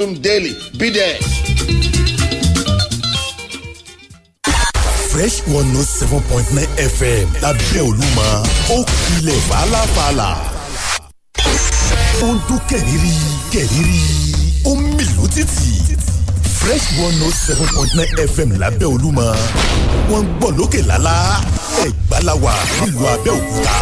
room daily. Be there. Fresh 107.9 FM lábẹ́ Olúmọ ó kilẹ̀ fàlàfàlà. Ó ń dún kẹ̀rìírí kẹ̀rìírí ó ń mìlú títì. Fresh 107.9 FM lábẹ́ Olúmọ wọ́n ń gbọ́ lókè lálá Ẹ̀gbá la wà nílùú Abẹ́òkúta.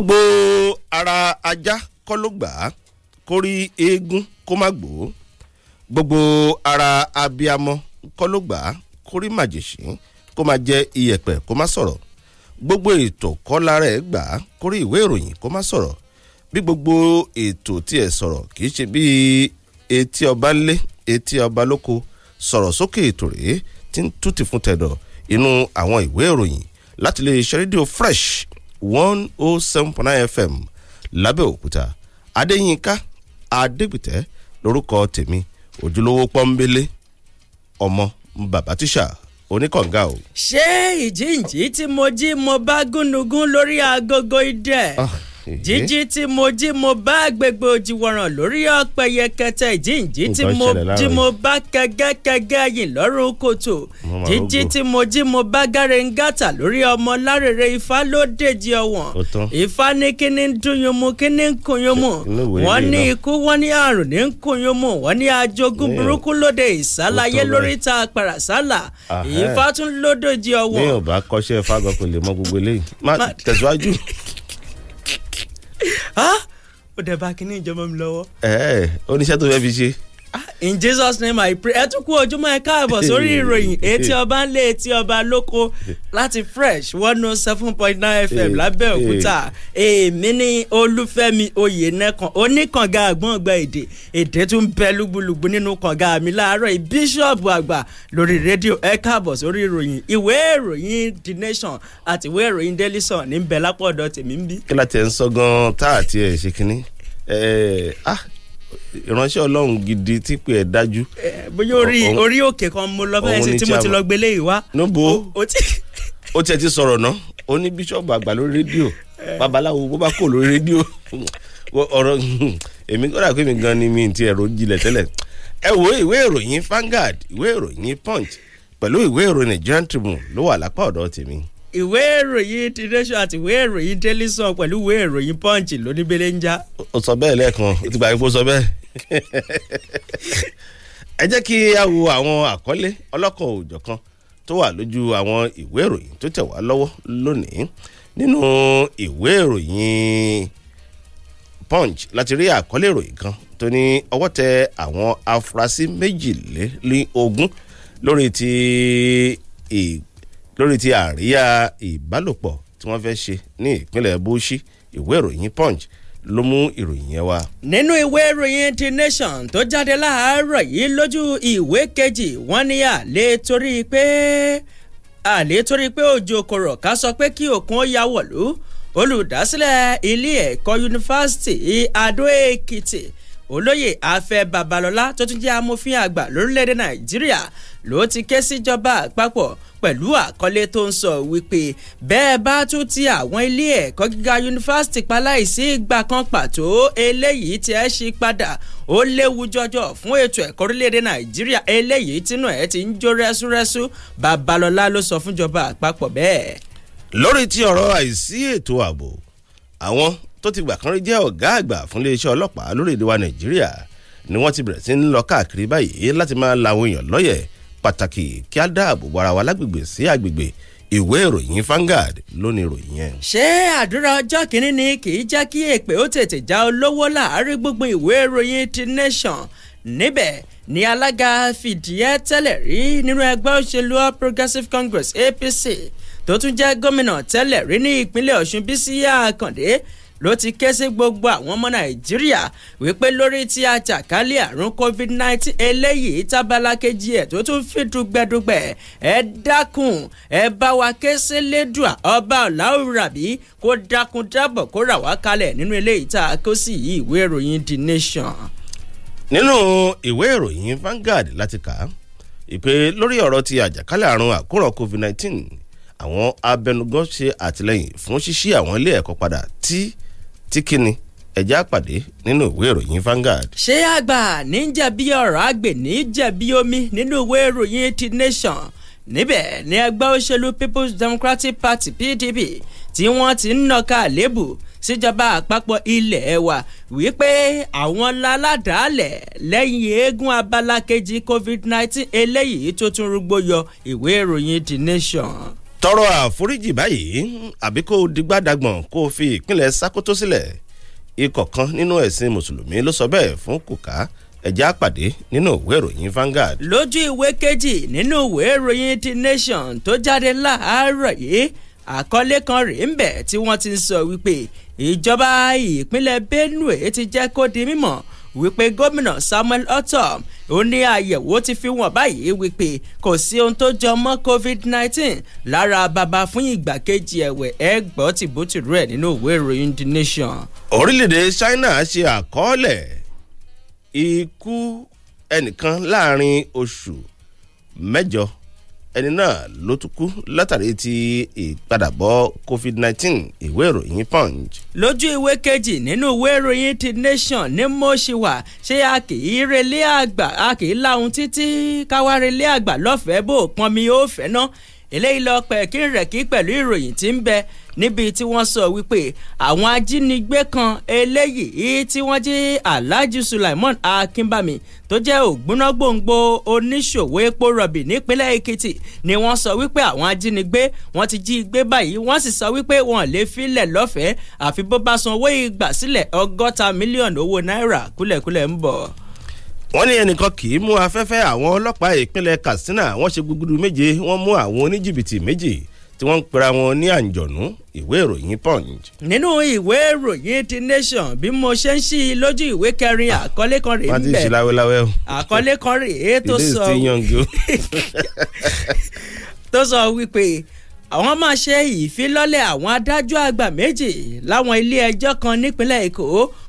gbogbo ara ajá kọ́ ló gbà á kó rí eégún kó má gbò ó gbogbo ara abiyamọ kọ́ ló gbà á kó rí màjèṣín kó má jẹ́ iyẹ̀pẹ̀ kó má sọ̀rọ̀ gbogbo ètò kọ́ lára ẹ̀ gbà á kó rí ìwé ìròyìn kó má sọ̀rọ̀ bí gbogbo ètò tiẹ̀ sọ̀rọ̀ kì í ṣe bí etí ọba ńlé etí ọba lóko sọ̀rọ̀ sókè ètò rèé tí ń tútì fún tẹ̀dọ̀ inú àwọn ìwé ìròyìn láti lè ṣe rédíò fresh one oh seven point nine fm lábẹ́òkúta adéyínká adégbìtẹ́ lórúkọ tèmi ojúlówó pọ́ńbélé ọmọ bàbá tíṣà oníkànga o. ṣé ìjíǹjí tí mo jí mo bá gúnugún lórí agogo idẹ. Ah jíjí tí mo jí mo bá gbégbé ojì wọ̀ràn lórí ọ̀pẹ yẹkẹtẹ ìjíǹjí tí mo jí mo bá kẹgẹkẹgẹ yìn lọ́rùn kòtò jíjí tí mo jí mo bá gárengátà lórí ọmọ lárèrè ifá ló dèjì ọ̀wọ̀n ifá ní kíní ń dúnyún mu kíní ń kunyún mu wọ́n ní ikú wọ́n ní àrùn ní ń kunyún mu wọ́n ní ajogún burúkú lóde ìsálayé lórí ta parasálà ifá tún ló dèjì ọ̀wọ̀n. mi ò bá kọ́ṣẹ́ fagọ́ kò lè mọ gbogbo eléyìí má tẹ̀síwájú. ó dẹ̀ bá kinní ìjọba mi lọ́wọ́. ẹ ẹ oníṣẹ́ tó fẹ́ fi ṣe. Ah, in jesus name i pray ẹ tún kú ojúmọ́ ẹ káàbọ̀ sórí ìròyìn etí ọba ńlẹ̀ etí ọba lóko láti fresh one oh seven point nine fm lábẹ́òkúta èmi ní olúfẹ́mi oyènẹ́kan oníkànga àgbọ̀ngbà èdè èdè tún bẹ lúgbúlùgbú nínú kànga mi láàárọ̀ bíṣọ̀bù àgbà lórí rédíò ẹ káàbọ̀ sórí ìròyìn ìwé ìròyìn the nation àti ìwé ìròyìn daily sun ní bẹ lápọ̀ ọ̀dọ̀ tèmi ń bí. kí láti ẹ̀ ń sọ gan-an tá ṣe kínní ah, ìránṣẹ́ ọlọ́run gidi tí pé ẹ̀ dájú. bóyá orí orí òkè kan mo lọ fẹ́ẹ́ sí tí mo ti lọ gbélé yìí wá. níbo ó tiẹ̀ ti sọ̀rọ̀ ná ó ní bíṣọ̀bù àgbà lórí rédíò babaláwo bó bá kò lórí rédíò ọ̀rọ̀ èmi kọ́dà pé mi gan ni mi ti ẹ̀rọ jinlẹ̀ tẹ́lẹ̀ ẹ wo ìwé ìròyìn Vanguard ìwé ìròyìn Punch pẹ̀lú ìwé ìròyìn Nigerian Tribune ló wà lápá ọ̀dọ̀ tèmi ìwé ìròyìn ti nation àti ìwé ìròyìn daily sun pẹ̀lú ìwé ìròyìn punch lóníbẹ̀lẹ̀ ń já. ó sọ bẹ́ẹ̀ lẹ́ẹ̀kan ó ti gbà pé ó sọ bẹ́ẹ̀. ẹ jẹ́ kí a wo àwọn àkọlé ọlọ́kan òòjọ̀kan tó wà lójú àwọn ìwé ìròyìn tó tẹ̀ wá lọ́wọ́ lónìí nínú ìwé ìròyìn punch láti rí àkọlé ìròyìn kan tó ní ọwọ́ tẹ àwọn afurasí méjìlélógún lórí ti ìgbà lórí ti àríyá ìbálòpọ̀ tí wọ́n fẹ́ ṣe ní ìpínlẹ̀ Bauchi ìwé ìròyìn Punch ló mú ìròyìn yẹn wá. nínú ìwé ìròyìn The Nation tó jáde láàárọ̀ yìí lójú ìwé kejì wọ́n ní àlè torí pé àlè torí pé òjò kòrò ká sọ pé kí òkun ó ya wọ̀lú olùdásílẹ̀ ilé ẹ̀kọ́ yunifásitì Adó Èkìtì olóyè afẹ́ babalọ́lá tó tún jẹ́ amòfin àgbà lórílẹ̀‐èdè nàìjíríà ló ti ké síjọba àpapọ̀ pẹ̀lú àkọlé tó ń sọ wípé bẹ́ẹ̀ bá tún ti àwọn ilé ẹ̀kọ́ gíga yunifásitì paláìsí ìgbà kan pàtó eléyìí tí ẹ ṣí padà ó léwu jọjọ fún ètò ẹ̀kọ́ orílẹ̀-èdè nàìjíríà eléyìí tínú ẹ̀ ti ń jó rẹ́súrẹ́sú babalọ́lá ló sọ fúnjọba àpapọ̀ bẹ́ẹ̀. lórí ti ọ̀rọ̀ àìsí ètò ààbò àwọn tó ti gbà kan rí jẹ́ ọ̀gá àgbà fún iléeṣẹ́ ọlọ́pàá lórílẹ̀‐èdè wa nàìjíríà ni wọ́n ti bẹ̀rẹ̀ sí ń lọ káàkiri báyìí láti máa la èèyàn lọ́yẹ̀ pàtàkì kí á dáàbò bo ara wa lágbègbè sí àgbègbè ìwé ìròyìn Vanguard lónìí ìròyìn yẹn. ṣé àdúrà ọjọ́ kìíní ni kì í jẹ́ kí èpè ó tètè já olówó láàárín gbogbo ìwé ìròyìn ti Nation níbẹ̀ ni alága fìdíẹ́ tẹ́lẹ̀ rí nínú ẹgbẹ́ òṣèlú All Progressives Congress APC tó tún jẹ́ gómìnà tẹ́lẹ̀ rí ní ìpínlẹ̀ Ọ̀ṣun Bísí Àkàndé ló ti ké sí gbogbo àwọn ọmọ nàìjíríà wípé lórí ti àjàkálẹ̀ àrùn covid-19 eléyìí tábàlà kejì ẹ̀ tó tún fi dùgbẹ́dùgbẹ́ ẹ dákun ẹ bá wa ké sí lẹ́dùà ọba ọ̀làwùràbí kó dákun dábọ̀ kó rà wá kalẹ̀ nínú eléyìí tá a kó sí ìwé ìròyìn the nation. nínú ìwé ìròyìn Vanguard láti kà á ìpè lórí ọ̀rọ̀ ti àjàkálẹ̀ àrùn àkóràn covid-19 àwọn abẹnugan ṣe àtìlẹyìn fún ṣíṣí àwọn ilé ẹ̀kọ́ padà tí tí kíni ẹ̀já àpàdé nínú ìwé ìròyìn Vanguard. ṣé àgbà níjà bí ọ̀rọ̀ àgbè níjà bí omi nínú ìwé ìròyìn ti Nation níbẹ̀ ni ẹgbẹ́ òṣèlú People's Democratic Party PDP tí wọ́n ti ń nàka àlébù síjọba àpapọ̀ ilẹ̀ wa wípé àwọn láládàálẹ̀ lẹ́yìn eégún abala kejì COVID-19 eléyìí tó tún rúgbó yọ ìwé ìròyìn The Nation tọrọ àforíjì báyìí àbí kó digbádàgbọ̀n kó fi ìpínlẹ̀ sakoto sílẹ̀ ikọ̀ kan nínú ẹ̀sìn mùsùlùmí ló sọ bẹ́ẹ̀ fún kùkà ẹ̀já àpàdé nínú ìwé ìròyìn Vanguard. lójú ìwé kejì nínú ìwé ìròyìn The Nation tó jáde láàárọ̀ yìí àkọlé kan rèé ń bẹ̀ tí wọ́n ti ń sọ wípé ìjọba ìpínlẹ̀ Benue ti jẹ́ kó di mímọ̀ wípé gómìnà Samuel Ortom ó ní àyẹ̀wò ti fi wọ́n báyìí wípé kò sí ohun tó jọ mọ́ COVID-19 lára bàbá fún ìgbà kejì ẹ̀wẹ̀ ẹ̀ gbọ́ tìbútìrú ẹ̀ nínú ìwé ìròyìn The Nation. orílẹ̀-èdè China ṣe àkọọ́lẹ̀ ikú ẹnìkan láàrin oṣù mẹ́jọ ẹni náà ló tún kú látàrí ti ìpadàbọ̀ covid nineteen ìwé ìròyìn punch. lójú ìwé kejì nínú ìwé ìròyìn ti nation ní mọ̀ṣíwà ṣé a kì í relé àgbà a kì í láhun títí káwá relé àgbà lọ́fẹ̀ẹ́ bò pọnmi ó fẹ́ ná eléyìí lọ pẹ̀ kí rẹ̀kí pẹ̀lú ìròyìn tí ń bẹ níbi tí wọ́n sọ wípé àwọn ajínigbé kan eléyìí tí wọ́n jí Alhaji Sulaiman Akínbámi tó jẹ́ ògbónágbòǹgbò oníṣòwò epo rọ̀bì nípínlẹ̀ Èkìtì ni wọ́n sọ wípé àwọn ajínigbé wọ́n ti jí gbé báyìí wọ́n sì sọ wípé wọ́n lè filẹ̀ lọ́fẹ̀ẹ́ àfi bó bá san owó ìgbàsílẹ̀ ọgọ́ta mílíọ̀nù owó náírà kúlẹ̀kúlẹ̀ ń bọ̀ wọ́n ní ẹnìkan kì í mú afẹ́fẹ́ àwọn ọlọ́pàá ìpínlẹ̀ Katsina wọ́n ṣe gbúgbúrú méje wọ́n mú àwọn oníjìbìtì méjì tí wọ́n ń pera wọn ní àǹjọ̀nú ìwé ìròyìn punch. nínú ìwé ìròyìn ti nation bí mo ṣe ń ṣí i lójú ìwé kẹrin àkọlé kan rèé ń bẹ àkọlé kan rèé tó sọ tó sọ wípé àwọn máa ṣe ìfilọ́lẹ̀ àwọn adájọ́ àgbà méjì láwọn ilé ẹjọ́ kan nípínlẹ̀ Èkó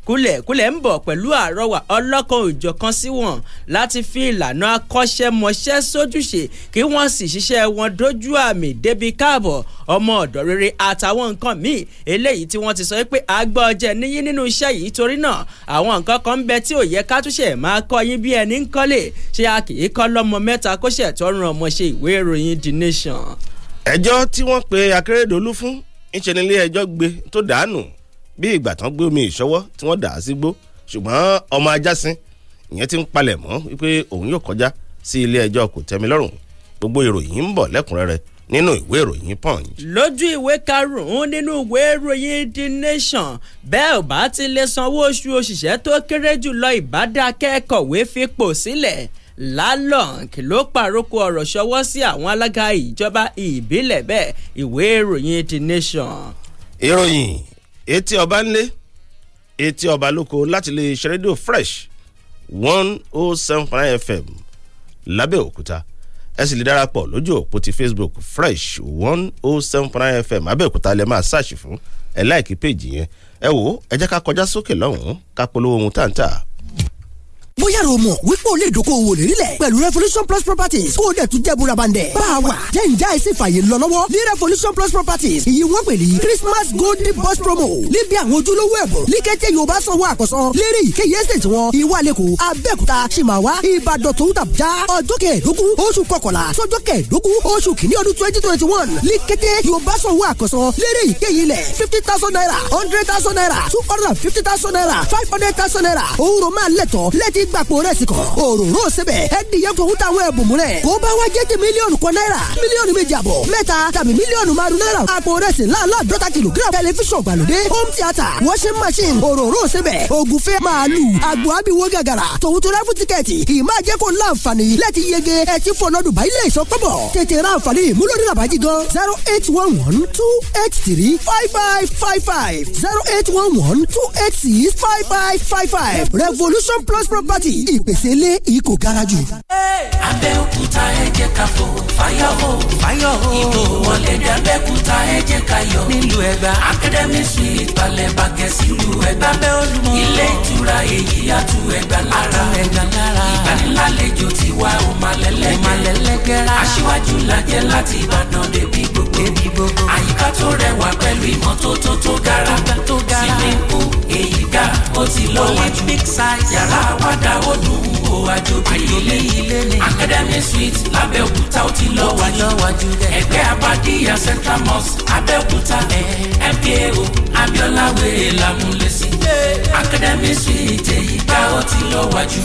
kúlẹ̀kúlẹ̀ ń bọ̀ pẹ̀lú àrọwà ọlọ́kan òjọ̀kan sí wọn láti fi ìlànà akọ́ṣẹ́mọṣẹ́ sójúṣe kí wọ́n sì ṣiṣẹ́ wọn dójú àmì débi káàbọ̀ ọmọ ọ̀dọ̀ rere àtàwọn nǹkan míì eléyìí tí wọ́n ti sọ pé àgbà ọ̀jẹ̀ níyí nínú iṣẹ́ yìí torí náà àwọn nǹkan kan ń bẹ tí ò yẹ ká túnṣe máa kọ́ yín bí ẹni ń kọ́lé ṣé a kì í kọ́ lọ́mọ mẹ́ta kó tó ràn ọmọ ṣe ìwé ìròyìn The Nation ẹjọ́ tí wọ́n pe akérèdọ́lù fún ìṣẹ̀nilé ẹjọ́ gbé tó dànù bí ìgbà tán gbé omi ìṣọwọ́ tí wọ́n dà á sígbó ṣùgbọ́n ọmọ ajásin ìyẹn ti ń palẹ̀ mọ́ wípé òun yóò kọjá sí ilé ẹjọ́ kò gbogbo ìròyìn ń bọ̀ lẹ́kùnrẹ́rẹ́ nínú ìwé ìròyìn punch. lójú ìwé karùn nínú ìwé ìròyìn the nation bẹ́ẹ̀ ò bá ti lè sanwó oṣù òṣìṣẹ́ tó kéré jùlọ ìbádá kẹ́kọ̀ọ́wé fipò sílẹ̀ lalong ló paroko ọ̀rọ̀ ṣọwọ́ sí àwọn alága ìjọba ìbílẹ̀ bẹ́ẹ̀ ìwé ìròyìn the nation. ìròyìn etí ọba ńlé etí ọba lóko láti lè ṣe rédíò fresh one oh seven five fm lábẹ́òkúta ẹ sì lè darapọ̀ lójú òpó ti facebook fresh one oh seven five fm abẹ́òkúta lè máa ṣáàṣì fún ẹ láìkí péjì yẹn ẹ wò ẹ jẹ́ ká kọjá sókè lọ́hùn-ún ká polówó ohun táǹtà bóyá rò mọ̀ wípé o lè dókòwò lérílẹ̀ pẹ̀lú revolution plus properties kó o dẹ̀ tún jẹ́ burabandẹ̀. bá a wà jẹ́ ǹjẹ́ àìsí fàyè lọ lọ́wọ́ ní revolution plus properties èyí wọ́n pè ní christmas golden bus promo níbi àwọn ojúlówó ẹ̀bùn ní kété yorùbá sanwó àkọ́sán lérí ìkéyìí estate wọn ìwálẹ̀kọ̀ abẹ́òkúta ṣìmáwá ìbàdàn tòun tàbújá ọjọ́ kẹẹ̀dógún oṣù kọkànlá sọjọ́ kẹẹ̀dógún oṣù kìíní ọdún twenty twenty one ní kété yorùbá fifty thousand naira hundred thousand naira two hundred fifty thousand naira five hundred thousand naira òun rò máa gbàpò rẹ̀ sí kan òróró sẹbẹ̀ ẹ dìyẹ fowó táwọn ẹ̀bùn múlẹ̀ kó bá wá jẹ́ ti mílíọ̀nù kan náírà mílíọ̀nù méjì àbọ̀ mẹ́ta tàbí mílíọ̀nù márùn náírà àpò rẹ̀ sí kìlógíráàmù tẹlifíṣàn gbàlódé home theatre washing machine òróró sẹbẹ̀ ògùnfẹ́ màálù àgbò àbíwó gàgàrà tòun tó rẹ́fù tíkẹ́ẹ̀tì ìmá jẹ́ kó láǹfààní Dubai ilé ìsọpọ̀bọ̀ tètè ra àǹfààní ìmúlòdì làbájí zero eight one one two eight three five five five five zero eight one one two eight six five five five five revolution plus property property ìpèsè ilé ìkò gara jù. Abẹ́òkúta ẹ jẹ́ ká fò fáyọ̀ o fáyọ̀ o ìbò wọlé dé Abẹ́òkúta ẹ jẹ́ ká yọ̀ nílùú Ẹ̀gbá Academy Suite balẹ̀ bàgẹ́ sílùú Ẹ̀gbá bẹ́ẹ̀ olùmọ̀ ilé ìtura èyí yàtú Ẹ̀gbá lára Ẹ̀gbá lára ìgbanilálejò tiwa ò máa lẹ́lẹ́gẹ́rà aṣíwájú lajẹ́ láti Ìbàdàn débi gbogbo àyíká tó rẹwà pẹ̀lú ìmọ́tótó tó gara sílẹ̀ kú èyí ga ó ti lọ́wọ́ ju yàrá wájú dáwọ́ dùwú o àjòbí ilé academy suite lábẹ́òkúta ó ti lọ wájú ẹgbẹ́ abadíyà central mosque abẹ́òkúta MKO abiola wèrè lámúlẹ́sí academy suite èyí ó ti lọ wájú.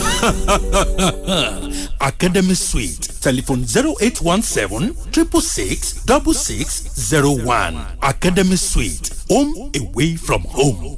academy suite telephone zero eight one seven triple six double six zero one academy suite home away from home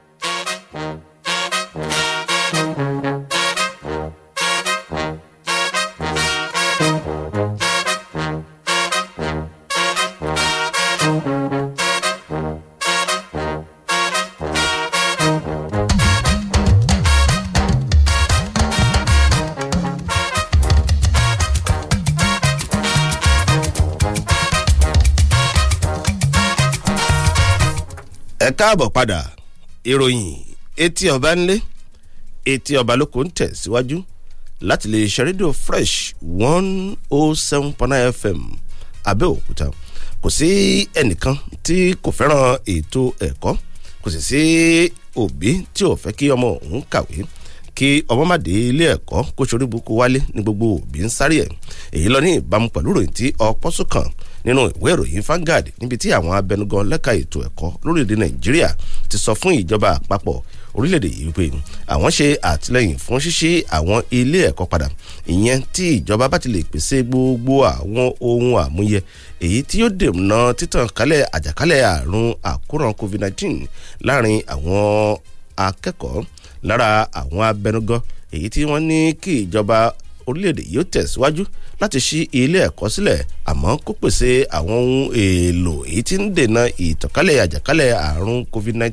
káàbọ̀ padà ìròyìn etí ọba ńlé etí ọba lóko ń tẹ̀ láti lè ṣe rédíò fresh one oh seven point nine fm abẹ́òkúta kò sí ẹnìkan tí kò fẹ́ràn ètò ẹ̀kọ́ kò sì sí òbí tí ò fẹ́ kí ọmọ òun kàwé kí ọmọ má dé ilé ẹ̀kọ́ kó ṣorí burúkú wálé ní gbogbo òbí ń sáré ẹ̀ èyí lọ ní ìbámu pẹ̀lú ròyìn tí ọpọ́ sùn nínú ìwé ìròyìn Vanguard níbi tí àwọn abẹnugan lẹ́ka ètò ẹ̀kọ́ lórílẹ̀‐èdè Nàìjíríà ti sọ fún ìjọba àpapọ̀ orílẹ̀-èdè yìí wípé àwọn ṣe àtìlẹ́yìn fún ṣíṣí àwọn ilé ẹ̀kọ́ padà ìyẹn tí ìjọba bá ti lè pèsè gbogbo àwọn ohun àmúyẹ èyí tí yóò dènà títàn kálẹ̀ àjàkálẹ̀ àrùn àkóràn COVID-19 láàrin àwọn akẹ́kọ̀ọ́ lára àwọn abẹnugan èyí tí wọ́n ní kí ìjọba orílẹ̀-èdè yóò tẹ̀síwájú láti ṣí ilé ẹ̀kọ́ sílẹ̀ àmọ́ kó pèsè àwọn ohun èèlò èyí tí ń dènà ìtànkálẹ̀ àjàkálẹ̀ àrùn covid-19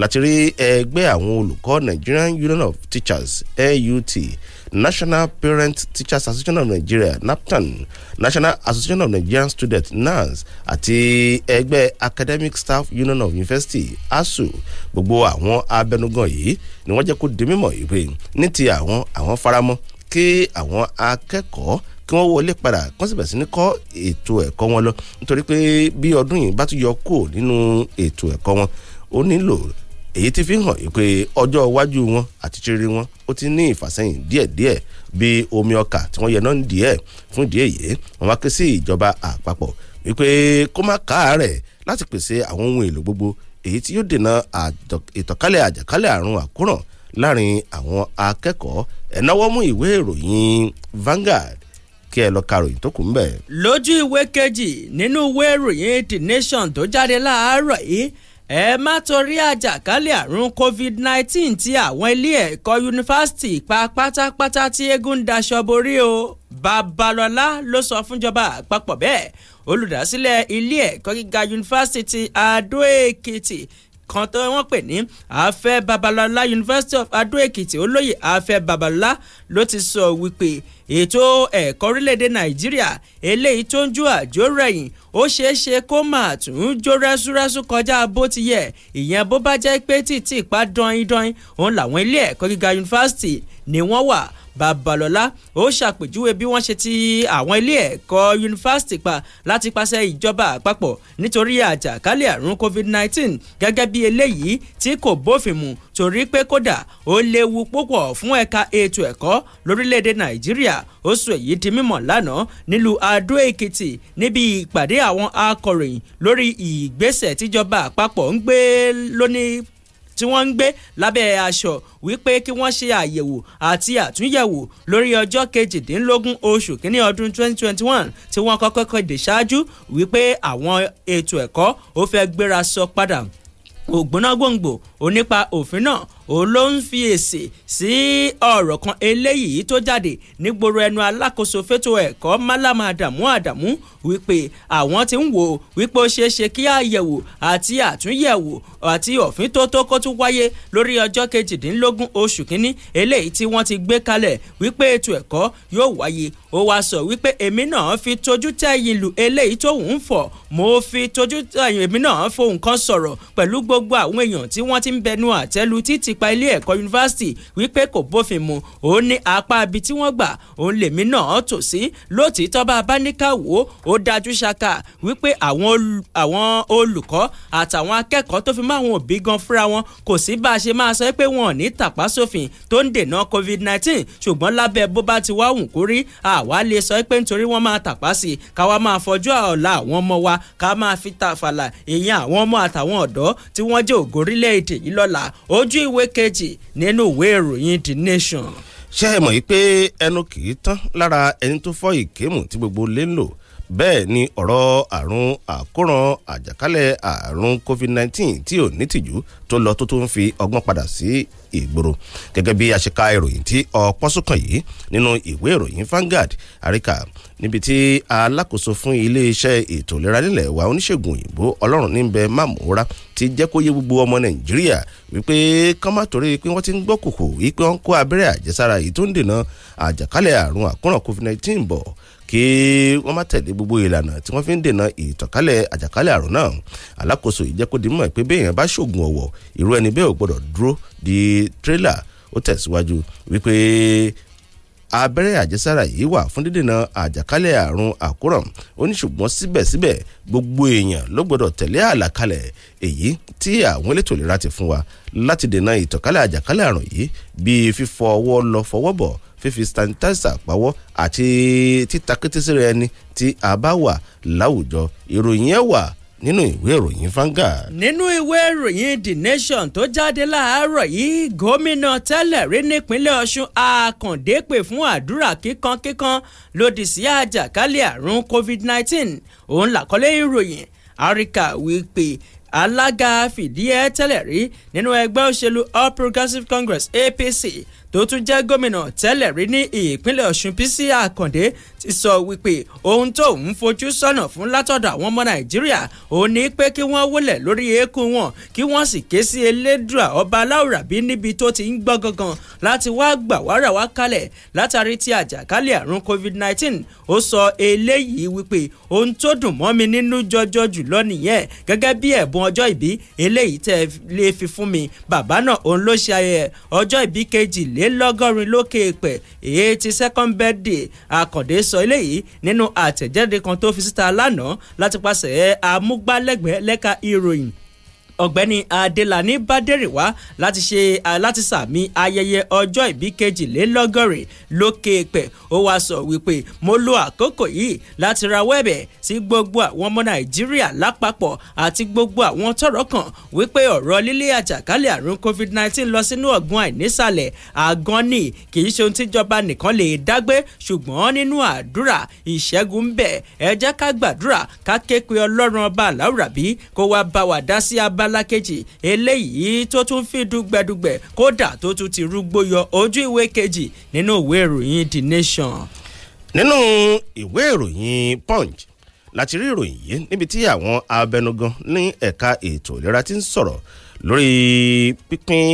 láti rí ẹgbẹ́ àwọn olùkọ́ Nigerian Union of Teachers NUT National Parent Teachers Association of Nigeria NAPTAN National Association of Nigerian Students NANS àti ẹgbẹ́ Academic Staff Union of University ASU gbogbo àwọn abẹnugan yìí ni wọ́n jẹ́ kó di mímọ̀ ìwé ní ti àwọn àwọn faramọ́ kí àwọn akẹ́kọ̀ọ́ kí wọ́n wọlé padà kán sì bẹ̀rẹ̀ sí ní kọ́ ètò ẹ̀kọ́ wọn lọ nítorí pé bí ọdún yìí bá tún yọ kó nínú ètò ẹ̀kọ́ wọn ó nílò èyí ti fi hàn pé ọjọ́ iwájú wọn àti ṣeré wọn ó ti ní ìfàsẹ́yìn díẹ̀díẹ̀ bí omi ọkà tí wọ́n yẹ náà díẹ̀ fún ìdí èyí wọ́n wá ké sí ìjọba àpapọ̀ wípé kó má káàárẹ̀ láti pèsè àwọn ohun èlò gbogbo èyí tí yóò dènà ìtànkálẹ̀ àjàkálẹ̀ àrùn àkóràn láàrin àwọn akẹ́kọ̀ọ́ ẹ náwó mú ìwé ìròyìn Vanguard kí ẹ lọ ka ròyìn tó kù ń bẹ̀. lójú ìwé kejì nínú ìwé ìròyìn The Nation tó jáde láàárọ̀ yìí ẹ má torí àjàkálẹ̀ àrùn COVID-19 tí àwọn ilé ẹ̀kọ́ yunifásitì pa pátápátá tí eégún ń daṣọ borí o Babalọlá ló sọ fúnjọba àpapọ̀ bẹ́ẹ̀ olùdásílẹ̀ ilé ẹ̀kọ́ gíga yunifásitì Adó-Èkìtì kan tó wọ́n pè ní afẹ́ babalọ́lá University of Adó-Èkìtì olóyè afẹ́ babalọ́lá ló ti sọ wípé ètò ẹ̀kọ́ orílẹ̀-èdè nàìjíríà eléyìí tó ń ju àjò rẹ̀yìn ó ṣeé ṣe kó máa tún jó rẹ́súrẹ́sú kọjá bó ti yẹ ìyẹn bó bá jẹ́ pé títí ìpá dán òun làwọn ilé ẹ̀kọ́ gíga yunifásitì ni wọ́n wà babalọ́lá ó ṣàpèjúwe bí wọ́n ṣe ti àwọn ilé ẹ̀kọ́ yunifásitì pa láti pàṣẹ ìjọba àpapọ̀ nítorí àjàkálẹ̀ àrùn covid-19 gẹ́gẹ́ bí eléyìí tí kò bófin mu torí pé kódà ó léwu púpọ̀ fún ẹ̀ka ètò ẹ̀kọ́ lórílẹ̀‐èdè nàìjíríà ó sọ èyí di mímọ̀ lánàá nílùú adó èkìtì níbi ìpàdé àwọn akọ̀ròyìn lórí ìgbésẹ̀ tíjọba àpapọ̀ ń gbé lónìí tí wọ́n ń gbé lábẹ́ aṣọ wípé kí wọ́n ṣe àyẹ̀wò àti àtúnyẹ̀wò lórí ọjọ́ kejìdínlógún oṣù kínní ọdún 2021 tí wọ́n kọ́kọ́ kéde ṣáájú wípé àwọn ètò ẹ̀kọ́ ó fẹ́ gbéra sọ padà ògbónágbòǹgbò onípa òfin náà òun ló ń fi èsì sí ọ̀rọ̀ kan eléyìí tó jáde nígboro ẹnu alákòóso fétò ẹ̀kọ́ Malama Adamu Adamu wípé àwọn ti ń wò wípé ó ṣeé ṣe kí àyẹ̀wò àti àtúnyẹ̀wò àti ọ̀fíntótó kó tún wáyé lórí ọjọ́ kejìdínlógún oṣù kínní eléyìí tí wọ́n ti gbé kalẹ̀ wípé ètò ẹ̀kọ́ yóò wáyé ó wáá sọ wípé èmi náà fi tójú tẹ̀yìn lù eléyìí tó ń fọ̀ mo fi tójú tẹ̀yìn èmi náà fohùn kan sọ̀rọ̀ pẹ̀lú gbogbo àwọn èèyàn tí wọ́n ti ń bẹnu àtẹ́lu títí tipa ilé ẹ̀kọ́ yunifásitì wípé kò bófin mu òun ní apá ibi tí wọ́n gbà òun lèmi náà tò sí lótìítọ́ bá a bá ní ká wò ó ó dájú ṣáká wípé àwọn olùkọ́ àtàwọn akẹ́kọ̀ọ́ tó fi mọ́ àwọn òbí gan fúnra wọn kò sí bá a ṣe máa sọ pé wọn ò ní tàpá sófin tó ń dènà covid nineteen, ṣùgbọ́n lábẹ́ bó bá ti wá wùn kó rí àwa lè sọ pé nítorí wọ́n máa tàpá sí i káwa máa fọjú ọ̀la àwọn ọmọ wa ká máa fi tàfàlà ìyẹn àwọn ọmọ àtàwọn ọ̀dọ́ tí wọ́n jẹ́ ògo èdè yìí lọ́la ojú ìwé ìwé kejì nínú ìwé ìròyìn the nation. ṣé ẹ mọ̀ yìí pé ẹnu kì í tán lára ẹni tó fọ́ ìkémù tí gbogbo lé ń lò bẹ́ẹ̀ ni ọ̀rọ̀ àrùn àkóràn àjàkálẹ̀ àrùn covid-19 tí ò ní tìjú tó lọ tó tó ń fi ọgbọ́n padà sí ìgboro gẹ́gẹ́ bí a ṣe ka ìròyìn tí ọ̀pọ̀ sùkàn yìí nínú ìwé ìròyìn Vanguard àríkà níbi tí alákòóso fún iléeṣẹ́ ètò ìlera nílẹ̀ wa oníṣègùn òyìnbó ọlọ́run níbẹ̀ mamora ti jẹ́ kó yé gbogbo ọmọ nàìjíríà wípé kán má torí pé wọ́n ti ń gbọ́kòkò wípé wọ́n kó abẹ́rẹ́ àjẹsára yìí tó ń dènà àjàkálẹ̀ àrùn àkóràn covid-19 bọ̀ kí wọ́n má tẹ̀lé gbogbo ìlànà tí wọ́n fi ń dènà ìtànkálẹ̀ àjàkálẹ̀ àrùn náà alákòóso ìjẹ́kódìmọ̀ pé béèyàn bá ṣògùn ọ̀wọ̀ irú ẹni bẹ́ẹ̀ ò gbọ́dọ̀ dúró di tírélà ó tẹ̀síwájú wípé abẹ́rẹ́ àjẹsára yìí wà fún dídènà àjàkálẹ̀ àrùn àkóràn ó ní ṣùgbọ́n síbẹ̀síbẹ̀ gbogbo èèyàn ló gbọ́dọ̀ tẹ̀lé àlàkalẹ̀ èyí tí àwọn elétò ìlera ti fún wa láti dènà ìtànkálẹ̀ àjàkálẹ̀ àrùn yìí bíi fífọ ọwọ́ lọ fọwọ́ bọ̀ fífi sanitizer pawọ́ àti títa kété síra ẹni tí a bá wà láwùjọ ìròyìn ẹ̀ wà nínú ìwé ìròyìn Vanguard. nínú ìwé ìròyìn The Nation tó jáde láàárọ̀ yìí gómìnà tẹ́lẹ̀ rí nípínlẹ̀ Ọ̀ṣun Àkàndé pè fún àdúrà kíkan kíkan lòdì sí àjàkálẹ̀ àrùn COVID-19 òun làkọ́lé ìròyìn àríkà wípé alága fìdí ẹ tẹ́lẹ̀ rí nínú ẹgbẹ́ òṣèlú All Progressives Congress APC tó tún jẹ́ gómìnà tẹ́lẹ̀ rí ní ìpínlẹ̀ ọ̀ṣun bísí àkàndé ti sọ wípé ohun tó ń fojú sọ́nà fún látọ̀dọ̀ àwọn ọmọ nàìjíríà òun ní pé kí wọ́n wólẹ̀ lórí eékún wọn kí wọ́n sì ké sí elédùà ọba aláwùrábí níbi tó ti ń gbọ́ gangan láti wá gbà wàrà wá kalẹ̀ látàrí ti àjàkálẹ̀ àrùn covid-19 ó sọ eléyìí wípé ohun tó dùn mọ́ mi nínú jọjọ jùlọ nìyẹn gẹ́gẹ́ bí ẹ̀bùn ọjọ́ ìbí eléyìí tẹ́ lè fi fún mi bàbá náà òun ló ṣe ayẹyẹ ọjọ́ ìbí kejìlél mọ́kànlélọ́gọ́rin lókè èèpẹ̀ èyí ti second birthday àkàndé sọ eléyìí nínú àtẹ̀jáde kan tó fi síta lánàá láti pàṣẹ amúgbálẹ́gbẹ̀ẹ́ lẹ́ka ìròyìn ọ̀gbẹ́ni adelani bádẹ́rìwá láti ṣe láti sàmì ayẹyẹ ọjọ́ ìbí kejìlélọ́gọ́rin lókè pẹ̀ ó wáá sọ wípé mo lo àkókò yìí láti rawọ́ ẹ̀bẹ̀ sí gbogbo àwọn ọmọ nàìjíríà lápapọ̀ àti gbogbo àwọn tọ́rọ̀ kàn wípé ọ̀rọ̀ lílé àjàkálẹ̀ àrùn covid nineteen lọ sínú ọ̀gbun àìnísàlẹ̀ àgàn ni kì í ṣe ohun tíjọba nìkan lè dágbé ṣùgbọ́n nínú àdúrà ìṣẹ́gun ń bẹ ẹ jẹ́ ká gbàdúrà ká ké pe ọlọ́run ọba aláwùrábí kó wá bá wa dá sí abá abala kejì eléyìí tó tún fi dùgbẹ̀dùgbẹ̀ kódà tó tún ti rúgbó yọ ojú ìwé kejì nínú ìwé ìròyìn the nation. nínú ìwé ìròyìn punch láti rí ìròyìn yìí níbi tí àwọn abẹnugan ní ẹ̀ka ètò ìlera ti ń sọ̀rọ̀ lórí pínpín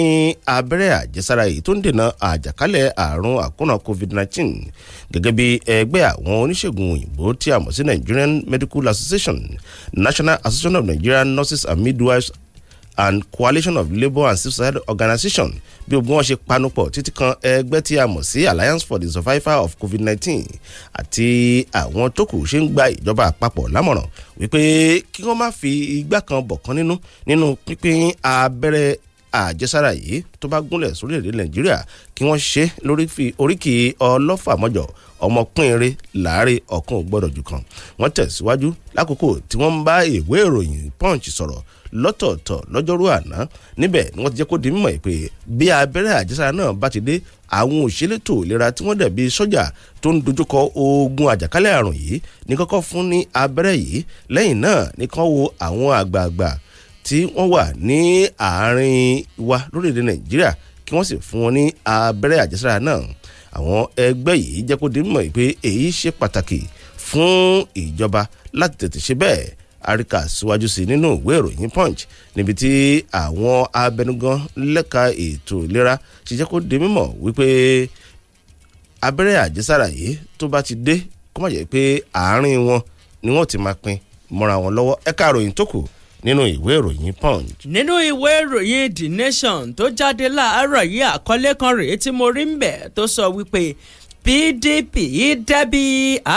abẹ́rẹ́ àjẹsára èyí tó ń dènà àjàkálẹ̀ àrùn àkóràn covid-19 gẹ́gẹ́ bí ẹgbẹ́ àwọn oníṣègùn òyìnbó tí a mọ̀ sí Nigerian Medical Association National Association of Nigerian Nurses and Midwives and coalition of labour and civil society organization bí ogun wọn ṣe panupọ̀ títí kan ẹgbẹ́ tí a mọ̀ sí alliance for the survival of covid-19 àti àwọn tó kù ṣe ń gba ìjọba àpapọ̀ lámọ̀ràn wípé kí wọ́n má fi igbá kan bọ̀ kan nínú nínú pínpín abẹ́rẹ́ àjẹsára yìí tó bá gúnlẹ̀ sórílẹ̀-èdè nàìjíríà kí wọ́n ṣe lórí fi oríkì ọlọ́fàmọ́jọ ọmọkùnrin láàrin ọ̀kan gbọ́dọ̀ jù kan wọ́n tẹ̀síwájú lákòókò tí wọ́n ń bá ìwé ìròyìn punch sọ̀rọ̀ lọ́tọ̀ọ̀tọ̀ lọ́jọ́rú àná níbẹ̀ ni wọ́n ti jẹ́ kó di mímọ̀ pé bí abẹ́rẹ́ àjẹsára náà bá ti dé àwọn òṣèlétò ìlera tí wọ́n dẹ̀bi sọ́jà tó ń dojúkọ ogun àjàkálẹ̀ àrùn yìí ní kọ́kọ́ fún ní abẹ́rẹ́ yìí lẹ́yìn náà ní kán wo àwọn àgbààgbà tí wọ́n wà ní àárín wa lórílẹ̀‐èdè nàìjíríà kí wọ́n sì fún wọn ní abẹ́rẹ́ àjẹsára náà àwọn ẹgbẹ́ yìí jẹ́ kó di mímọ̀ pé èyí ṣe pàtàkì fún ìjọba láti tètè ṣe bẹ́ẹ̀ àríkà síwájú sí nínú ìwé ìròyìn punch níbi tí àwọn abẹnugan lẹ́ka ètò ìlera ṣe jẹ́ kó di mímọ̀ wípé abẹ́rẹ́ àjẹsára yìí tó bá ti dé kó má jẹ́ pé àárín wọn ni wọ́n ti máa pín mọ́ra wọn lọ́wọ́ ẹ̀ka ìròyìn tó kù nínú ìwé ìròyìn punch. nínú ìwé ìròyìn the nation tó jáde láàárọ̀ yìí àkọlé kan rèé tí mo rí ń bẹ̀ tó sọ wípé pdp dẹ́bi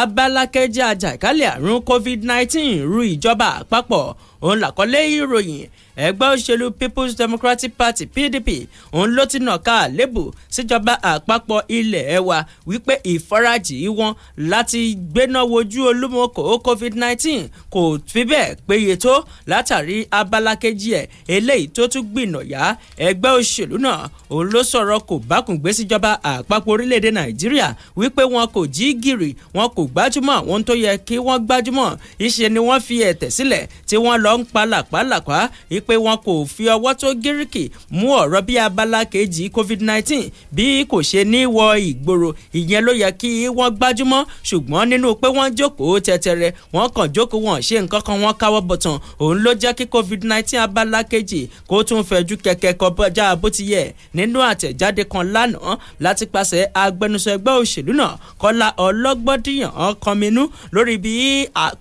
abala kẹjẹ àjàkálẹ̀ àrùn covid-19 ru ìjọba àpapọ̀ òun làkọ́lé ìròyìn ẹgbẹ́ òṣèlú people's democratic party pdp òun ló ti nà ká lébù síjọba àpapọ̀ ilẹ̀ ẹ wa wípé ìfarajì wọn láti gbéná wojú olúmọkò covid-19 kò fi bẹ́ẹ̀ péye tó látàrí abala kejì ẹ̀ eléyìí tó tún gbìnàyà ẹgbẹ́ òṣèlú náà òun ló sọ̀rọ̀ kò bákùngbé síjọba àpapọ̀ orílẹ̀-èdè nàìjíríà wípé wọn kò jí gìrì wọn kò gbájúmọ̀ ohun tó yẹ kí wọ́n gbájúmọ̀ ìṣe ń pa làpálàpá wípé wọn kò fi ọwọ́ tó gíríkì mú ọ̀rọ̀ bí abala kejì covid nineteen bí kò ṣe ní wọ ìgboro ìyẹn ló yẹ kí wọ́n gbájúmọ́ ṣùgbọ́n nínú pé wọ́n jókòó tẹ̀tẹ̀rẹ̀ wọ́n kàn jókòó wọn ṣe nǹkan kan wọ́n káwọ́ bọ̀tàn òun ló jẹ́ kí covid nineteen abala kejì kó tún fẹ̀jú kẹ̀kẹ́ kọjá bó ti yẹ nínú àtẹ̀jáde kan lánàá láti pàṣẹ agbẹnusọ ẹgbẹ́ òṣèlú náà kọ́lá ọlọ́gbọ́dìyàn kọminú lórí bí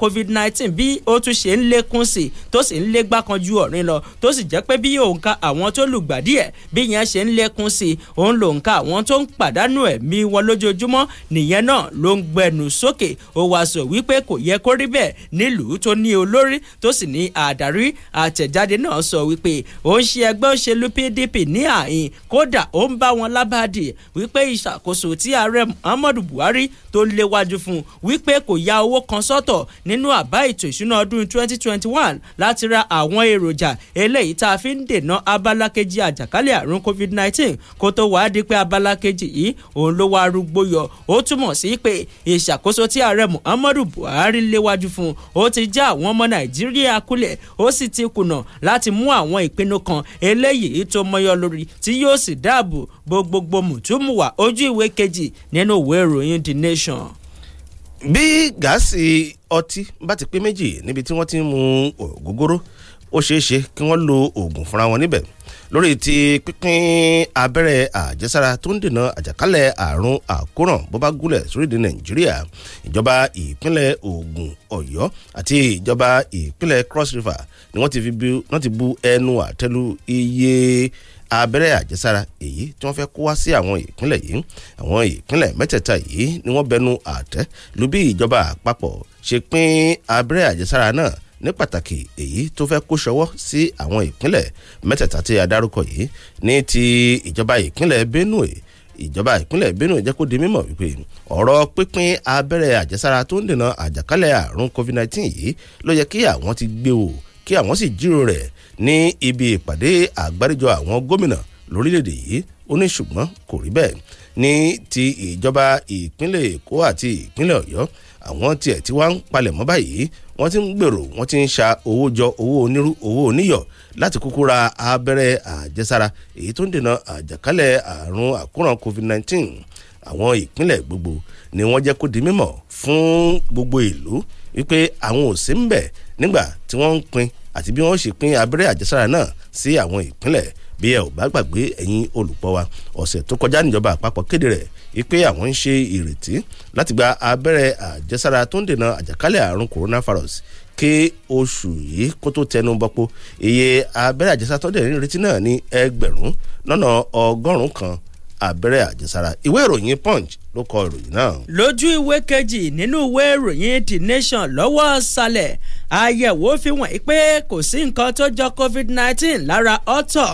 covid nineteen bí ó tún ṣe ń lékún sí tó sì ń légbá kan ọ̀rin lọ tó sì jẹ́ pé bí òǹkà àwọn tó lùgbàdì ẹ̀ bí yẹn ṣe ń lékún sí i òun lòǹkà àwọn tó ń pàdánù ẹ̀mí wọn lójoojúmọ́ nìyẹn náà ló ń gbẹnu sókè ó wàá sọ wípé kò yẹ kó rí bẹ́ẹ̀ nílùú tó ní olórí tó sì ní àdárí àtẹ̀jáde náà sọ wípé ó ṣe ẹgbẹ́ òṣèlú PDP ní àhín kódà ó ń bá wọn lábàdì wípé ìṣàkóso tí ààrẹ Muhammadu Buhari tó léwájú fún wípé kò ya owó kan sọ́tọ̀ nínú àbá ètò ìsúná ọdún 2021 láti ra àwọn èròjà eléyìí tá a fi ń dènà abala kejì àjàkálẹ̀ àrùn covid nineteen kó tó wàá di pé abala kejì yìí òun ló wàá rúgbó yọ ó túmọ̀ sí pé ìṣàkóso tí ààrẹ muhammadu buhari léwájú fún ó ti já àwọn ọmọ nàìjíríà kulẹ̀ ó sì ti kùnà láti mú àwọn ìpinnu kan eléyìí tó mọyọ lórí tí yóò sì dáàbò bo mùtúmùwà ojú ìwé kejì nínú ìwé ìròyìn the nation bí gáàsì ọtí bá ti pé méjì níbi tí wọ́n ti ń mu ògógóró ó ṣeé ṣe kí wọ́n lo oògùn fúnra wọn níbẹ̀ lórí ti pínpín abẹ́rẹ́ àjẹsára tó ń dènà àjàkálẹ̀ àrùn àkóràn bó bá gúnlẹ̀ sórílẹ̀ nàìjíríà ìjọba ìpínlẹ̀ Ògùn Ọ̀yọ́ àti ìjọba ìpínlẹ̀ Cross River ni wọ́n ti fi bu ẹnu àtẹ́lu iye abẹ́rẹ́ àjẹsára èyí tí wọ́n fẹ́ kó wá sí àwọn ìpínlẹ̀ yìí àwọn ìpínlẹ̀ mẹ́tẹ̀ẹ̀ta yìí ni wọ́n bẹnu àtẹ́ lu bí ìjọba àpapọ̀ ṣe pín abẹ́rẹ́ àjẹsára náà ní pàtàkì èyí tó fẹ́ kó ṣọwọ́ sí àwọn ìpínlẹ̀ mẹ́tẹ̀ẹ̀ta tí a dárúkọ yìí ní ti ìjọba ìpínlẹ̀ Benue ìjọba ìpínlẹ̀ Benue jẹ́ kó di mímọ̀ wípé ọ̀rọ̀ pínpín abẹ́rẹ́ àjẹsára tó ń dènà àjàkálẹ̀ àrùn COVID-19 yìí ló yẹ kí àwọn ti gbé o kí àwọn sì jíròrò rẹ̀ ní ibi ìpàdé àgbáríjọ àwọn gómìnà lórílẹ̀‐èdè yìí ó ní ṣùgbọ́n kò rí bẹ́ẹ̀ ní ti ìjọba ìpínlẹ̀ èkó àti ìpínlẹ̀ ọ̀yọ́ àwọn tiẹ̀ tí wá ń palẹ̀ mọ́ báyìí wọ́n ti ń gbèrò wọ́n ti ń sa owó jọ owó onírú owó oníyọ̀ láti kúkú ra abẹ́rẹ́ àjẹsára èyí tó ń dènà àjàkálẹ̀ àrùn àkóràn covid-19 àwọn ìpínlẹ̀ gbogbo ni wọ́n jẹ́ kó di mímọ̀ fún gbogbo ìlú wípé àwọn ò sí ń bẹ̀ nígbà tí wọ́n ń pin àti bí wọ́n ṣe pín abẹ́rẹ́ àjẹsára náà sí àwọn ìpínlẹ̀ bí ẹ ò bá gbàgbé ẹ̀yin olùgbọ́ wa ọ̀sẹ̀ tó kọjá níjọba àpapọ̀ kéde rẹ̀ wípé àwọn ń ṣe ìrètí láti gba abẹ́rẹ́ àjẹsára tó ń dènà àjàkálẹ̀ àrùn coronavirus kí oṣù yìí kó tó tẹnu bọ́pọ̀ iye abẹ́rẹ́ àjẹsára tó ń dènà ìrètí náà ní ẹgbẹ̀rún lọ́nà ọgọ́rùn-ún kan abẹ́rẹ́ àjẹsára ìwé ìròyìn punch ló kọ ìròyìn náà. lójú ìwé kejì nínú ìwé ìròyìn the nation lọ́wọ́ sálẹ̀ àyẹ̀wò fi wọ̀nyí pé kò sí nǹkan tó jọ covid nineteen. lára ọ̀tọ̀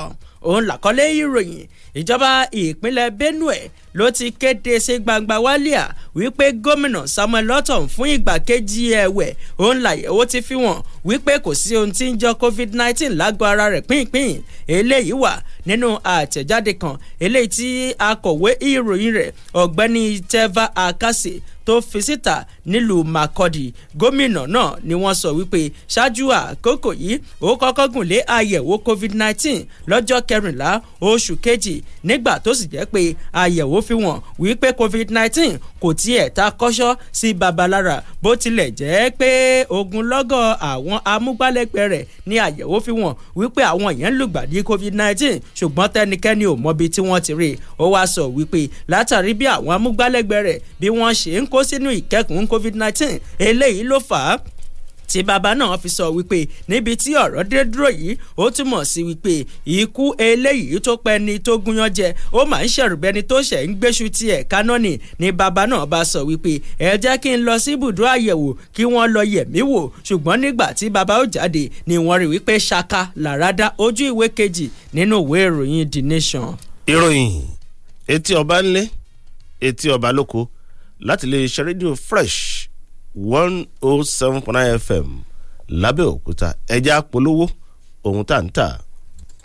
òun làkọlé ìròyìn ìjọba ìpínlẹ̀ benue ló ti kéde sí gbangba wálíà wípé gómìnà samuel lọ́tọ̀n fún ìgbà kejì ẹ̀wẹ̀ òun làyẹ̀wò ti fi wọ́n wípé kò sí ohun tí ń jọ covid nineteen. lágọ̀ọ́ ara rẹ̀ pínpín eléyìí wà nínú àtẹ̀jáde kan eléyìí tí akọ̀wé ìròyìn rẹ̀ ọ̀gbẹ́ni teva akasi tó fi síta nílùú makurdi gómìnà náà ni wọ́n sọ wípé ṣáájú àkókò yìí ó kọ́kọ́ gùn lé àyẹ̀wò covid-19 lọ́jọ́ kẹrìnlá oṣù kejì nígbà tó sì jẹ́ pé àyẹ̀wò fi wọ́n wípé covid-19 kò tiẹ̀ ta kọ́ṣọ́ sí babalára bó tilẹ̀ jẹ́ pé ogunlọ́gọ̀ àwọn amúgbálẹ́gbẹ̀ẹ́ rẹ̀ ni àyẹ̀wò fi wọ́n wípé àwọn yẹn lùgbàdì covid-19 ṣùgbọ́n tẹnikẹ́ni ò mọbi tí wọ́n ti rí ó wá sọ wípé látàrí bí àwọn amúgbálẹ́gbẹ̀ẹ́ rẹ̀ bí wọ́n ṣe ń kó sínú ìkẹ́kùn COVID-19 eléyìí ló fà á tí bàbá náà fi sọ wípé níbi tí ọ̀rọ̀ dé dúró yìí ó túmọ̀ sí wípé ikú eléyìí tó pẹ́ ni tó gúnyán jẹ ó máa ń ṣẹ̀rùbẹ́ni tó ṣẹ̀ ń gbéṣu tiẹ̀ kaná nì ni bàbá náà bá sọ wípé ẹ jẹ́ kí n lọ sí ibùdó àyẹ̀wò kí wọ́n lọ yẹ̀ mí wò ṣùgbọ́n nígbà tí bàbá ó jáde ni wọ́n rí wípé ṣaka làrádá ojú ìwé kejì nínú ìwé ìròyìn The Nation. ìròyìn etí ọba ńlẹ etí ọba lóko láti lè ṣe rédíò fresh one oh seven point nine fm lábẹ́òkúta ẹja polówó ohun tá ń tà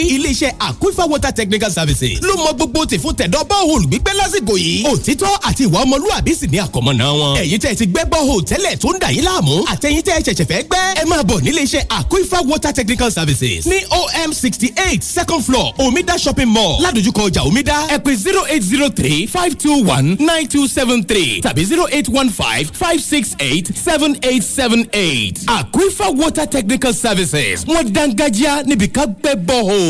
rí iléeṣẹ́ aquifer water technical services ló mọ gbogbo tì fún tẹ̀dọ́ bọ́ọ̀hùn gbígbẹ́ lásìkò yìí òtítọ́ àti ìwà ọmọlúwàbí sì ni àkọ́mọ́ná wọn ẹ̀yin tẹ́ ti gbẹ́ bọ́ọ̀hùn tẹ́lẹ̀ tó ń dà yín láàmú àtẹ̀yin tẹ́ ṣẹ̀ṣẹ̀ fẹ́ gbẹ́ ẹ máa bọ̀ níléeṣẹ́ aquifer water technical services ní om sixty eight second floor omida shopping mall ládojúkọ ọjà omida ẹ pè zero eight zero three five two one nine two seven three tàbí zero eight one five five six eight seven eight seven eight aquifer water technical services wọ́n dángájá níbi ká gbẹ́ bọ́ọ̀hùn.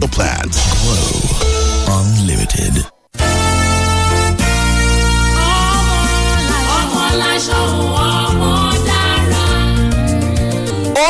mega plans. Glow Unlimited.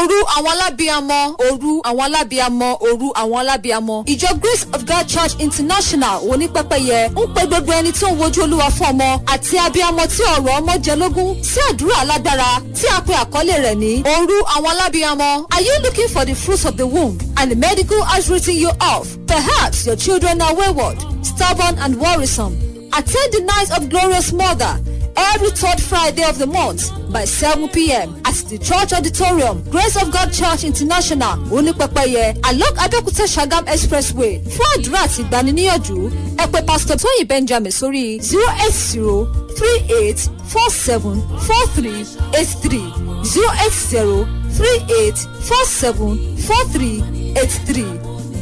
òru àwọn alábíamọ òru àwọn alábíamọ òru àwọn alábíamọ ìjọ grace of god church international onípẹ́pẹ́yẹ ń pe gbogbo ẹni tó ń wojú olúwa fún ọmọ àti abíamọ tí ọ̀rọ̀ ọmọ jẹ lógún sí àdúrà alágbára tí a pe àkọlé rẹ̀ ní òru àwọn alábíamọ are you looking for the fruits of the womb and the medical has written you off perhaps your children are wayward stubborn and worrisome attend the night of glorious mother every third Friday of the month by 7 p.m. at the Church Auditorium, Grace of God Church International, Onípẹpẹyẹ, along Abẹ́òkúta Shagam Expressway. Fún àdúrà àti ìgbaniníyànjú, ẹ pè Pásítọ̀ Tóyìn Benjamin sórí 08038474383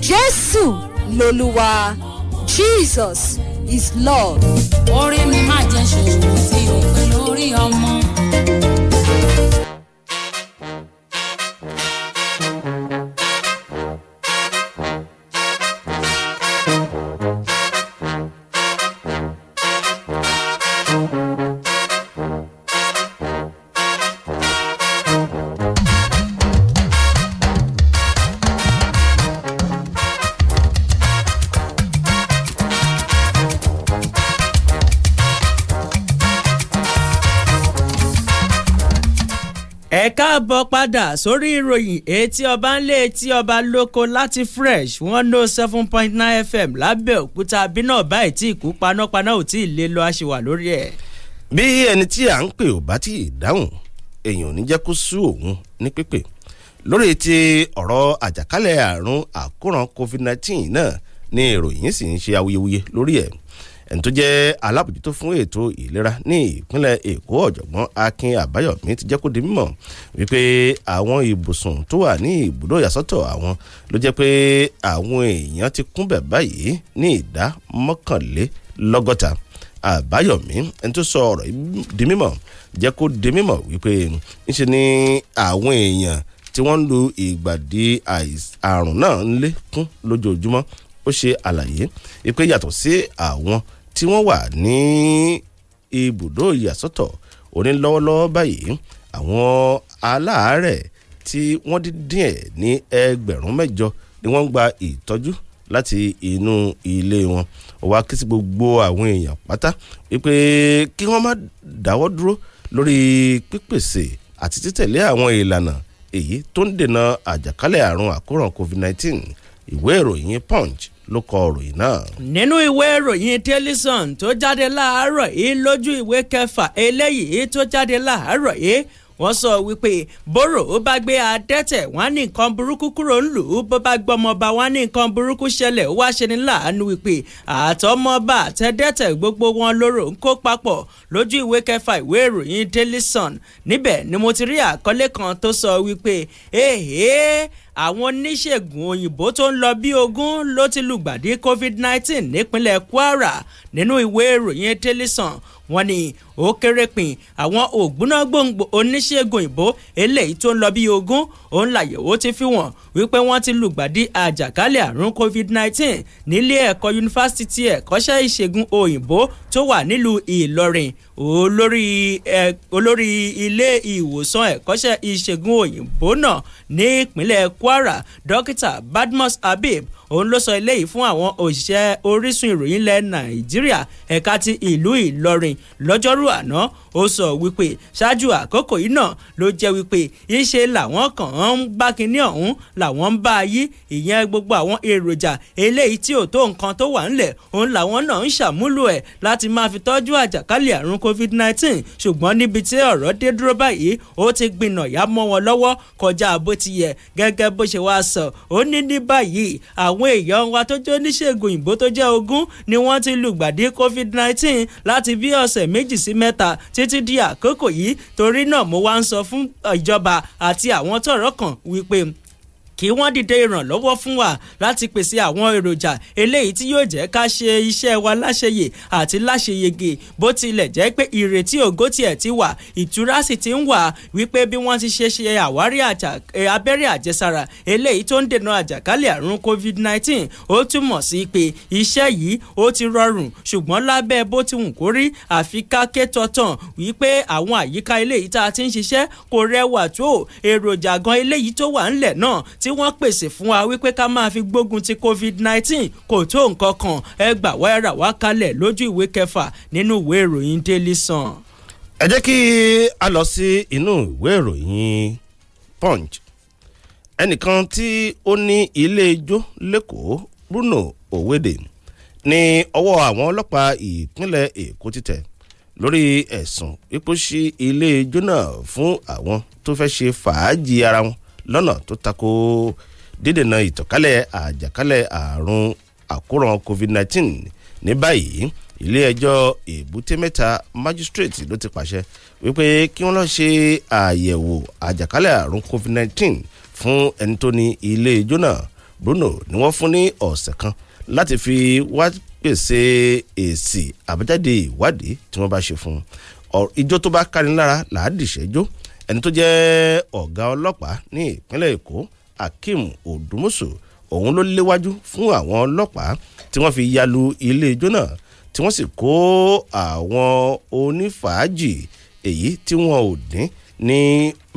08038474383. Jésù lolúwa Jesus is love. mi máa jẹ lórí ọmọ. padà sórí ìròyìn etí ọba ń lé etí ọba lóko láti fresh one oh seven point nine fm lábẹ́òkúta bí náà báyìí tí ìkú panápaná ò tí ì lé lọ àṣewà lórí ẹ̀. bí ẹni tí à ń pè ò bá tí ì dáhùn èèyàn ò ní jẹ́ kó sú òun ní pípé lórí ti ọ̀rọ̀ àjàkálẹ̀ àrùn àkóràn covid nineteen náà ni ìròyìn sì ń ṣe awuyewuye lórí ẹ̀. E ẹni tó jẹ́ alábòjútó fún ètò ìlera ní ìpínlẹ̀ èkó ọ̀jọ̀gbọ́n akin àbáyọ̀mí ti jẹ́ kó di mímọ̀ wípé àwọn ibùsùn tó wà ní ibùdó ìyàsọ́tọ̀ àwọn ló jẹ́ pé àwọn èèyàn ti kúnbẹ̀ báyìí ní ìdá mọ́kànlélọ́gọ́ta àbáyọ̀mí ẹni tó sọ ọ̀rọ̀ di mímọ̀ jẹ́ kó di mímọ̀ wípé ńṣe ni àwọn èèyàn tí wọ́n ń lu ìgbàdí àrùn náà ń lékún lójoojúmọ́ ó ṣe àlàyé wípé yàtọ̀ sí àwọn tí wọ́n wà ní ibùdó ìyàsọ́tọ̀ onílọ́wọ́lọ́wọ́ báyìí àwọn aláàárẹ̀ tí wọ́n dín díẹ̀ ní ẹgbẹ̀rún mẹ́jọ ni wọ́n ń gba ìtọ́jú láti inú ilé wọn ó wá ké sí gbogbo àwọn èèyàn pátá wípé kí wọ́n má dáwọ́ dúró lórí pípèsè àti títẹ̀lé àwọn ìlànà èyí tó ń dènà àjàkálẹ̀ àrùn àkóràn covid-19 ìwé ìròyìn punch ló kọ ìròyìn náà. nínú ìwé ìròyìn tẹlifíṣàn tó jáde láàárọ̀ yìí lójú ìwé kẹfà eléyìí tó jáde láàárọ̀ yìí wọ́n sọ wípé bóró ó bá gbé adẹ́tẹ̀ wọ́n ní nǹkan burúkú kúrò ń lù ú bó bá gbọ́mọba wọ́n ní nǹkan burúkú ṣẹlẹ̀ ó wá ṣe ní láàánú wípé àtọmọba àtẹdẹ́tẹ̀ gbogbo wọn lóró ń kó papọ̀ lójú ìwé kẹfà ìwé ìròyìn daily sun níbẹ̀ ni mo ti rí àkọlé kan tó sọ wípé èèyàn àwọn oníṣègùn òyìnbó tó ń lọ bí ogún ló ti lùgbàdì covid-19 nípínlẹ̀ kwara nínú ìwé ìròyìn tẹlifíṣàn wọ́n ní ó kéré pin àwọn ògbóná gbòǹgbò oníṣègùn òyìnbó eléyìí tó ń lọ bí ogún òun làyẹ̀wò ti fi wọ́n wípé wọ́n ti lùgbàdì àjàkálẹ̀ àrùn covid-19 nílé ẹ̀kọ́ yunifásitì ẹ̀kọ́ṣẹ́ ìṣègùn òyìnbó tó wà nílùú ìlọrin olórí ilé ìwòsàn ẹ̀kọ́ṣẹ́ ìṣègùn òyìnbó náà ní ìpínlẹ̀ Kwara dókítà Badmus abib òun ló sọ eléyìí fún àwọn òṣìṣẹ́ orísun ìròyìn ilẹ̀ nàìjíríà ẹ̀ka ti ìlú ìlọrin lọ́jọ́rú àná ó sọ wípé ṣáájú àkókò yìí náà ló jẹ́ wípé ìṣe làwọn kàn ń bá kinní ọ̀hún làwọn ń bá a yí ìyẹn gbogbo àwọn èròjà eléyìí tí ò tó nǹkan tó wà ńlẹ̀ òun làwọn náà ń ṣàmúlò ẹ̀ láti máa fi tọ́jú àjàkálẹ̀ àrùn covid-19 ṣùgbọ́n níbi tí ọ̀rọ̀ dé dúró báyìí ó ti gbìnà yá mọ́ wọn lọ́wọ́ kọjá bó ti yẹ gẹ́gẹ́ bó ṣe wá sọ ó ní ní báyìí àw àwọn èèyàn wa tó jẹ́ oníṣègùn òyìnbó tó jẹ́ ogún ni wọ́n ti lùgbàdì covid nineteen láti bí ọ̀sẹ̀ méjì sí mẹ́ta títí di àkókò yìí torí náà mo wá ń sọ fún ìjọba àti àwọn tọ̀rọ̀ kàn wípé kí wọ́n dìde ìrànlọ́wọ́ fún wa láti pèsè àwọn èròjà eléyìí tí yóò jẹ́ ká ṣe iṣẹ́ wa láṣeyè àti láṣeyege bó tilẹ̀ jẹ́ pé ìrètí ògo tiẹ̀ ti wà ìtura sì ti ń wà wípé bí wọ́n ti ṣe ṣe àwárí abẹ́rẹ́ àjẹsára eléyìí tó ń dènà àjàkálẹ̀ àrùn covid-19 ó túmọ̀ sí pé iṣẹ́ yìí ó ti rọrùn ṣùgbọ́n lábẹ́ bó ti wù kó rí àfi káké tọ̀tàn wípé àwọn àyíká eléyìí tá a ti ń ṣiṣẹ́ kò rẹwà tó èròjà gan eléyìí tó wà ńlẹ̀ náà tí wọ́n pèsè fún wa wípé ká máa fi gbógun ti covid nineteen kò tó nǹkan kan ẹ gbà wáyà wá kalẹ̀ lójú ìwé kẹfà nínú ìwé ìròyìn Daily Sun. ẹ jẹ́ kí a lọ sí inú ìwé ìròyìn Punch ẹnìkan tí ó ní ilé ijó lẹ́kọ̀ọ́ Bruno Owede ní ọwọ́ àwọn ọlọ́pàá ìpínlẹ̀ Èkó ti tẹ̀ lórí ẹ̀sùn pípọ́sí ilé ijó náà fún àwọn tó fẹ́ ṣe fàájì ara wọn lọ́nà tó tako dídènà ìtànkálẹ̀ àjàkálẹ̀ àrùn àkóràn covid-19 ní báyìí ilé-ẹjọ́ èbúté mẹ́ta magistrate ló ti pàṣẹ wípé kí wọ́n lọ ṣe àyẹ̀wò àjàkálẹ̀ àrùn covid-19 fún ẹni tó ní ilé ijó Bruno ni wọ́n fún ní ọ̀sẹ̀ kan láti fi wá pèsè èsì àbájáde ìwádìí tí wọ́n bá ṣe fún un ijó tó bá káni lára làádìṣẹ́jó ẹni tó jẹ́ ọ̀gá ọlọ́pàá ní ìpínlẹ̀ èkó akeem odùmọ̀sù òun ló léwájú fún àwọn ọlọ́pàá tí wọ́n fi yalu ilé ijó náà tí wọ́n sì kó àwọn onífàájì èyí tí wọn ò dín ní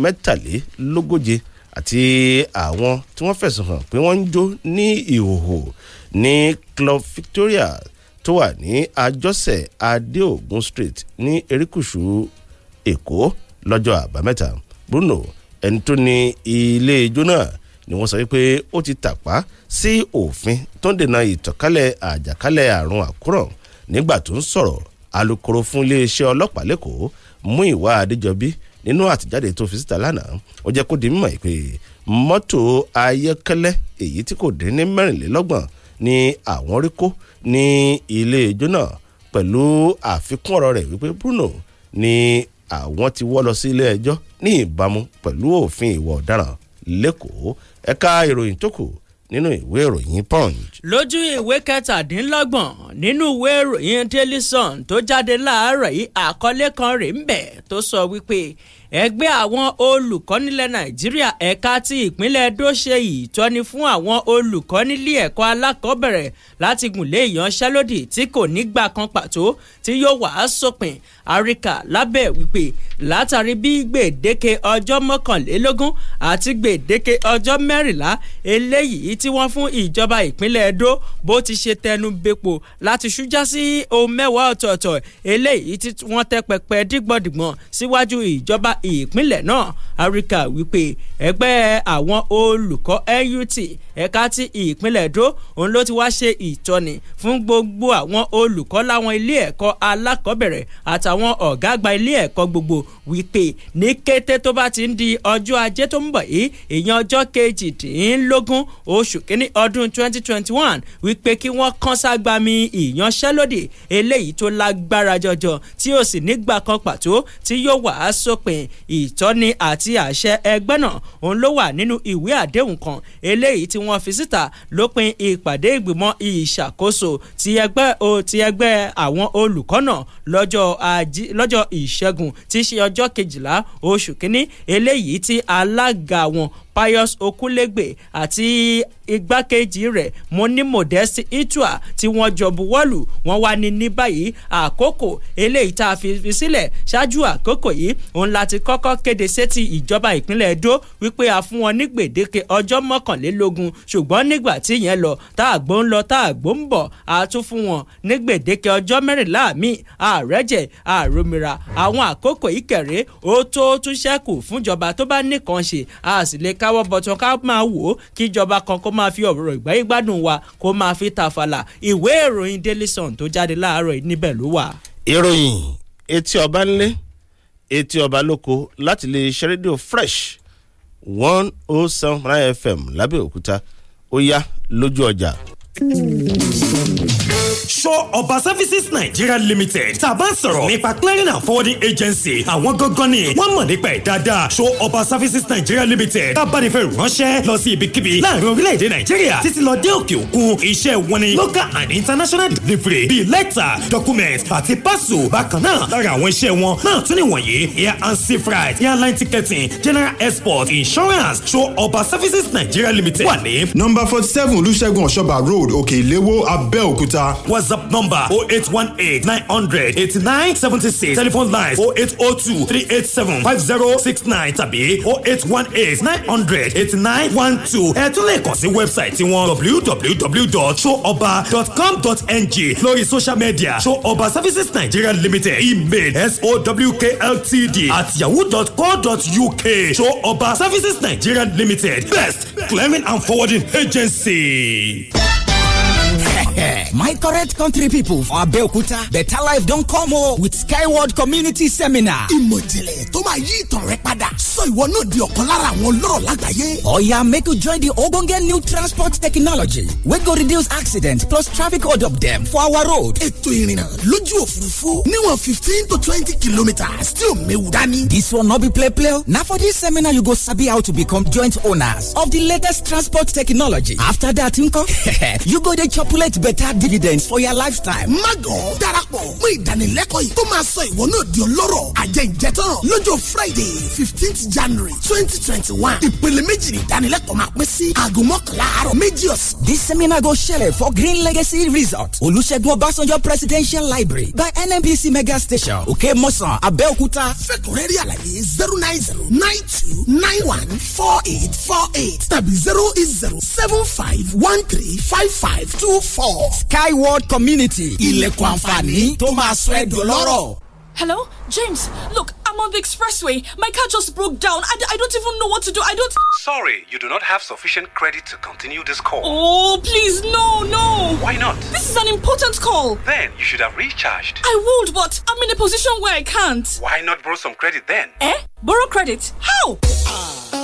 mẹ́tàlélógóje àti àwọn tí wọ́n fẹ̀sùn hàn pé wọ́n ń jó ní ìhòhò ní club victoria tó wà ní àjọṣe adéògùn street ní erékùṣù èkó lọ́jọ́ àbámẹ́ta Bruno ẹni tó ní ilé ijó náà ni wọ́n sọ wípé ó ti tàpá sí òfin tó ń dènà ìtànkálẹ̀ àjàkálẹ̀ àrùn àkúrọ̀ nígbà tó ń sọ̀rọ̀ alukoro fún iléeṣẹ́ ọlọ́pàá lẹ́kọ̀ọ́ Múyìwá Adéjọbí nínú àtijáde tó fi síta lánàá ó jẹ́ kó di mímọ̀ pé mọ́tò ayọ́kẹ́lẹ́ èyí tí kò dín ní mẹ́rìnlélọ́gbọ̀n ni àwọn rí kó ní ilé ijó náà pẹ̀lú àfikún ọ̀rọ̀ rẹ̀ wípé Bruno ni àwọn ti wọ́ lọ sí ilé ẹjọ́ ní ìbámu pẹ̀lú òfin ìwà ọ̀daràn lẹ́kọ̀ọ́ ẹ̀ka ìròyìn tó kù nínú ìwé ìròyìn punch. lójú ìwé kẹtàdínlọ́gbọ̀n nínú ìwé ìròyìn daily tó jáde láàárọ̀ yìí àkọlé kan rèé ń bẹ̀ tó sọ wípé ẹgbẹ́ àwọn olùkọ́ nílẹ̀ nàìjíríà ẹ̀ka ti ìpínlẹ̀ edo ṣe ìtọ́ni fún àwọn olùkọ́ nílé ẹ̀kọ́ alákọ̀ọ́bẹ̀rẹ̀ láti gùnlé ìyanṣẹ́lódì tí kò nígbà kan pàtó tí yóò wà á sópin àríkà lábẹ́ wípé látàrí bí gbèdéke ọjọ́ mọ́kànlélógún àti gbèdéke ọjọ́ mẹ́rìnlá eléyìí tí wọ́n fún ìjọba ìpínlẹ̀ edo bó ti ṣe tẹnu bepo láti ṣújá sí ohun mẹ́wàá ọ̀tọ̀ọ̀tọ̀ eléyìí tí wọ́n tẹ́ pẹpẹ dígbọ̀dìgbọ̀n síwájú ìjọba ìpínlẹ̀ náà áríkà wípé ẹgbẹ́ àwọn olùkọ́ NUT ẹ̀ka ti ìpínlẹ̀ èdò òun ló ti wá ṣe ìtọ́ni fún gbogbo àwọn olùkọ́ láwọn ilé ẹ̀kọ́ alákọ̀ọ́bẹ̀rẹ̀ àtàwọn ọ̀gá àgbà ilé ẹ̀kọ́ gbogbo wípé ní kété tó bá ti ń di ọjọ́ ajé tó ń bọ̀ yìí ìyẹn ọjọ́ kejìdínlógún oṣù kínní ọdún 2021 wípé kí wọ́n kán ságbami ìyanṣẹ́lódì eléyìí tó lágbára jọjọ tí ó sì nígbà kan pàtó tí yóò wà sópin ìtọ́ni àti àṣẹ ẹgbẹ́ náà òun ló wà nínú ìwé àdéhùn kan eléyìí tí wọ́n fi síta lópin ìpàdé ìgbìmọ̀ ìṣàkóso ti ẹgbẹ́ o ti ẹgbẹ́ àwọn olùkọ́ náà lọ́jọ́ ìṣẹ́gun tí í ṣe ọjọ́ kejìlá oṣù kínní eléyìí tí alága wọn pius okulegbe àti igbákejì rẹ̀ moni modest itua tí wọ́n jọ buwọ́lù wọ́n wá ní ní báyìí àkókò eléyìí tá a fi fi sílẹ̀ ṣáájú àkókò yìí òun láti kọ́kọ́ kéde sétí ìjọba ìpínlẹ̀ edo wípé a fún wọn ní gbèdéke ọjọ́ mọ́kànlélógún ṣùgbọ́n nígbà tí yẹn lọ tá àgbò ń lọ tá àgbò ń bọ̀ a tún fún wọn ní gbèdéke ọjọ́ mẹ́rìnlá mi àrẹ́jẹ̀ àròmìrà àwọn àkókò ìkẹrẹ́ ó tó tún ṣẹ́kù fúnjọba tó bá nìkan ṣe a sì lè káwọ́ bọ̀tán ká máa wò ó kíjọba kan kó máa fi ọ̀rọ̀ ìgbáyé gbádùn wa kó máa fi tàfàlà ìwé ìròyìn Daily Sun tó jáde láàárọ̀ níbẹ̀ ló wà. ìròyìn etí ọba ńlé etí ọba lóko láti lè ṣe rédíò fresh one oh seven nine fm lábẹ́òkúta ó yá lójú ọjà. Shaw Ọba Services Nigeria Limited tá a bá ń sọ̀rọ̀ nípa clearing and forwarding agency àwọn gangan ni wọ́n mọ̀ nípa ẹ̀ dáadáa Shaw Ọba Services Nigeria Limited tá a bá ní fẹ́ ránṣẹ́ lọ sí ibikíbi láàrin orílẹ̀-èdè Nàìjíríà títí lọ dé òkè òkun iṣẹ́ wọn ni local and international delivery bíi lẹ́tà document àti parcel bákan náà lára àwọn iṣẹ́ wọn náà tún níwọ̀nyí air and sea freight airline ticketing general export insurance Shaw Ọba Services Nigeria Limited wà ní. Number forty seven Olúṣẹ́gun Ọ̀ṣọ́bà road Òkè Ìléwó Abẹ́òkúta. wà WhatsApp number 0818 900 8976. Telephone lines 0802 387 5069 tàbí 0818 900 8912. Ẹ tún lè kàn sí wẹ́bsáìtì tiwọn www.showoba.com.ng lórí social media Showoba Services Nigeria Limited email sowkltd at yahoo.co.uk Showoba Services Nigeria Limited best clearing and forwarding agency. My correct country people for Abeokuta, better life don't come o with Skyward Community Seminar. Ìmọ̀jìnlẹ̀ tó máa yí ìtàn rẹ padà sọ ìwọ náà di ọ̀kan lára àwọn olóró lágbàáyé. oya make you join the ogbonge new transport technology wey go reduce accident plus traffic hold up dem for our road. ètò ìrìnnà lójú òfurufú níwọ̀n fifteen to twenty kilometres tí ò méwu dání. this one no be play play o na for this seminar you go sabi how to become joint owners of the latest transport technology. after that nko you go dey chopulate better dividends for your lifetime. magan darapọ̀ mú ìdánilẹ́kọ̀ọ́ yìí tó máa sọ ìwọ náà di olóró àjẹjẹtàn lọ́jọ́ friday fifteenth january twenty twenty one ìpele méjì ní ìdánilẹ́kọ̀ọ́ máa pín sí aago mọ́kànlá àárọ̀ méjì ọ̀sán. this seminar go ṣẹlẹ̀ for green legacy resort olùṣègùn ọbásanjọ́ presidential library by nnpc mega station òkè mọ́sán abẹ́òkúta. fẹ́kùnrẹ́rì àlàyé zero nine zero nine two nine one four eight four eight tàbí zero eight zero seven five one three five five two four. skyward community ilẹ̀kùn àǹfààní tó máa sọ ẹ́ dọ̀lọ́rọ̀. Hello? James, look, I'm on the expressway. My car just broke down. I d- I don't even know what to do. I don't. Sorry, you do not have sufficient credit to continue this call. Oh, please, no, no. Why not? This is an important call. Then you should have recharged. I would, but I'm in a position where I can't. Why not borrow some credit then? Eh? Borrow credit? How? Uh.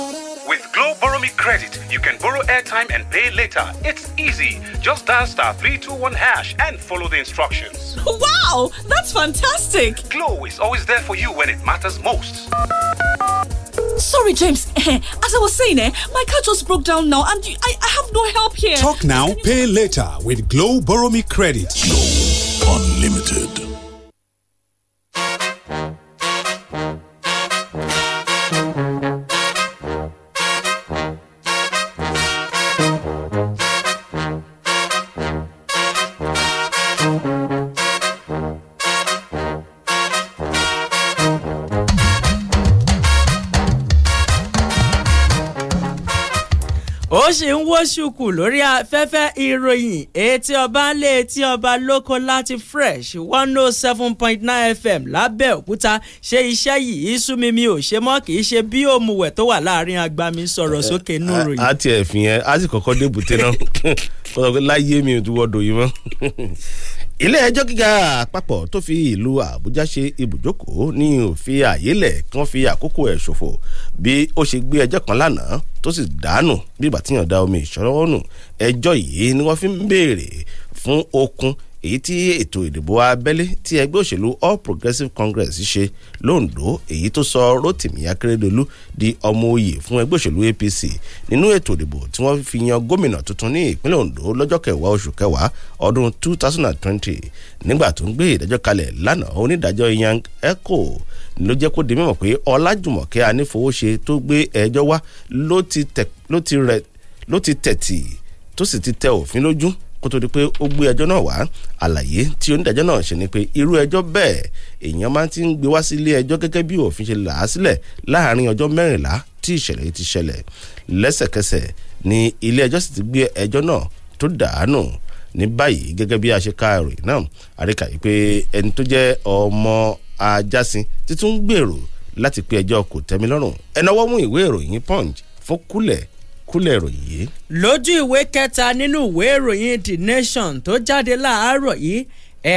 With Glow Borrow Me Credit, you can borrow airtime and pay later. It's easy. Just dial star 321 hash and follow the instructions. Wow, that's fantastic. Glow is always there for you when it matters most. Sorry, James. As I was saying, eh, my car just broke down now and I, I have no help here. Talk now, pay later with Glow Borrow Me Credit. Glow Unlimited. ariwo lórí afẹ́fẹ́ ìròyìn etí ọba ńlẹ̀ etí ọba lóko láti fresh one oh seven point nine fm lábẹ́òkúta ṣe iṣẹ́ yìí sú mi mi ò ṣe mọ́ kì í ṣe bí òmùwẹ̀ tó wà láàrin agbami sọ̀rọ̀ eh, sókè eh, nù ròyìn. a ti ẹ̀fìn yẹn a sì kọ́kọ́ débùté náà láyé mi ò tún wọ́dọ̀ yìí mọ́ ilé ẹjọ́ gíga àpapọ̀ tó fi ìlú àbújá ṣe ibùjókòó ní òfin àyélẹ̀ kan fi àkókò ẹ̀ ṣòfò bí ó ṣe gbé ẹjọ́ kan lánàá tó sì dànù bí ìgbà da omi ìṣọ́rọ́ nù ẹjọ́ yìí ni wọ́n fi ń béèrè fún okun èyí tí ètò ìdìbò abẹ́lé tí ẹgbẹ́ òṣèlú All Progressives Congress ṣe londo èyí tó sọ Rotimi Akeredolu di ọmọ oyè fún ẹgbẹ́ òṣèlú APC nínú ètò ìdìbò tí wọ́n fi yan gómìnà tuntun ní ìpínlẹ̀ Ondo lọ́jọ́ kẹwàá oṣù kẹwàá ọdún 2020 nígbà tó ń gbé ìdájọ́ kalẹ̀ lánàá onídàájọ́ Yang Eko ló jẹ́ kó di mímọ̀ pé Ọlájùmọ̀kẹ́ Anífowóṣe tó gbé ẹjọ́ wá ló ti tẹ̀tì tó sì ti tẹ òfin lójú kó tó di pé ó gbé ẹjọ́ náà wá àlàyé tí onídàájọ́ náà ṣe ni pé irú ẹjọ́ bẹ́ẹ̀ èèyàn máa ti ń gbé wá sí ilé ẹjọ́ gẹ́gẹ́ bí òfin ṣe là á sílẹ̀ láàárín ọjọ́ mẹ́rìnlá tí ìṣẹ̀lẹ̀ ti ṣẹlẹ̀ lẹ́sẹ̀kẹsẹ̀ ni ilé ẹjọ́ sì ti gbé ẹjọ́ náà tó dàánù ní báyìí gẹ́gẹ́ bí a ṣe ka ìròyìn náà àríkà yìí pé ẹni tó jẹ́ ọmọ ajásin títún gbèrò láti pé ẹjọ́ kò tẹ́milọ́rùn ẹ̀nàwọ́ mú ìwé ìròyìn punch fókúlẹ̀ kúlẹ̀ ìròyìn yìí. lójú ìwé kẹta nínú ìwé ìròyìn the nation tó jáde láàárọ̀ yìí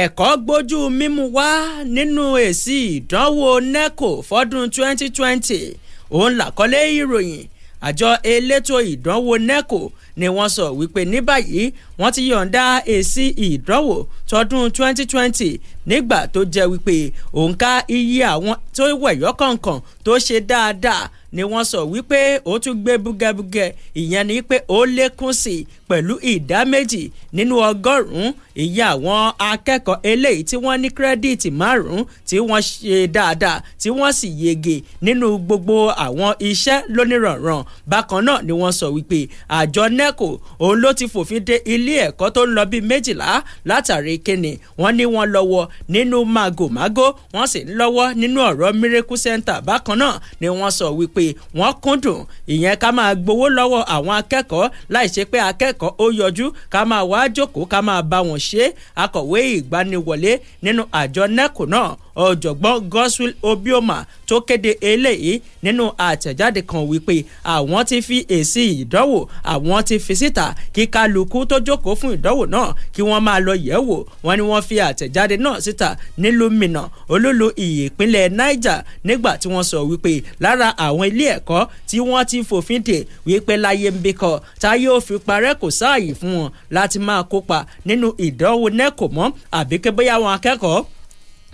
ẹ̀kọ́ gbójú mímú wá nínú èsì ìdánwò neco fọ́dún 2020 òun làkọ́lé ìròyìn àjọ elétò ìdánwò neco ni wọ́n sọ wípé ní báyìí wọ́n ti yọ̀ǹda èsì ìdánwò tọdún 2020 nígbà tó jẹ́ wípé òǹkà iye àwọn tó wẹ̀yọ́ kọ̀ọ̀kan tó ṣe dáadáa ni wọ́n sọ wípé ó tún gbé búgẹ́búgẹ́ ìyẹn ni pé ó lékún sí i pẹ̀lú ìdá méjì nínú ọgọ́rùn-ún ìyẹn àwọn akẹ́kọ̀ọ́ eléyìí tí wọ́n ní kírẹ́díìtì márùn-ún tí wọ́n ṣe dáadáa tí wọ́n sì yege nínú gbogbo àwọn iṣẹ́ lónìrànràn bákan náà ni wọ́n sọ wípé àjọ neco òun ló ti fòfin de ilé ẹ̀kọ́ tó ń lọ bíi méjìlá látàrí kíni wọ́n ní wọ́n lọ́wọ́ nínú màgòmágó wọ́n sì ń lọ́wọ́ nínú ọ̀rọ̀ miracle center bákan náà ni wọ́n sọ wípé pé wọ́n kúndùn ìyẹn ká máa gbowó lọ́wọ́ àwọn akẹ́kọ̀ọ́ láì ṣe pé akẹ́kọ̀ọ́ ó yọjú ká máa wá jókòó ká máa bá wọn ṣe akọ̀wé ìgbaniwọlé nínú àjọ nẹ́kù náà ọ̀jọ̀gbọ́n Godswill Obioma tó kéde eléyìí nínú àtẹ̀jáde kan wípé àwọn ti fi èsì ìdánwò àwọn ti fi síta kí kálukú tó jókòó fún ìdánwò náà kí wọ́n máa lọ yẹ̀ wò wọ́n ní wọ́n fi àtẹ̀jáde náà síta nílùú Minna olúlu ìpínlẹ̀ Niger nígbà tí wọ́n sọ wípé lára àwọn ilé ẹ̀kọ́ tí wọ́n ti fòfin dè wípé láyé ń bí kọ tá yóò fi parẹ́ kò sáàyè fún wọn láti máa kópa nínú ìdánwò nẹ́kò mọ́ àbí kébéyàwó akẹ́kọ̀ọ́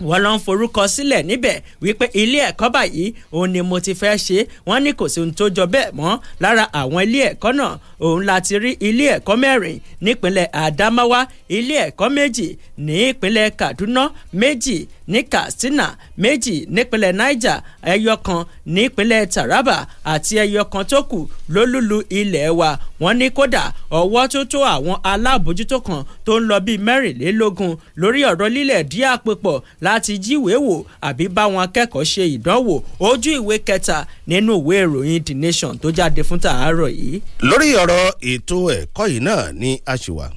wọ́n lọ ń forúkọ sílẹ̀ níbẹ̀ wípé ilé ẹ̀kọ́ báyìí òun ni mo ti fẹ́ ṣe wọ́n ní kò sí ohun tó jọ bẹ́ẹ̀ mọ́ lára àwọn ilé ẹ̀kọ́ náà òun la ti rí ilé ẹ̀kọ́ mẹ́rin nípínlẹ̀ Adamawa ilé ẹ̀kọ́ méjì ní ìpínlẹ̀ Kaduna méjì ní Katsina méjì nípínlẹ̀ Niger ẹyọ kan nípínlẹ̀ Taraba àti ẹyọ kan tó kù lólúlu ilẹ̀ wa wọ́n ní kódà ọwọ́ tó tó àwọn alábòjútó kan tó ń lọ bíi mẹ́rìnlélógún lórí ọ̀rọ̀ lílẹ̀ dí àpòpọ̀ láti jíwèé wò àbí bá wọn akẹ́kọ̀ọ́ ṣe ìdánwò ojú ìwé kẹta nínú ìwé ìròyìn The Nation tó jáde fún tàárọ̀ yìí. lórí ọ̀rọ̀ ètò ẹ̀kọ́ yìí náà ni a ṣì wà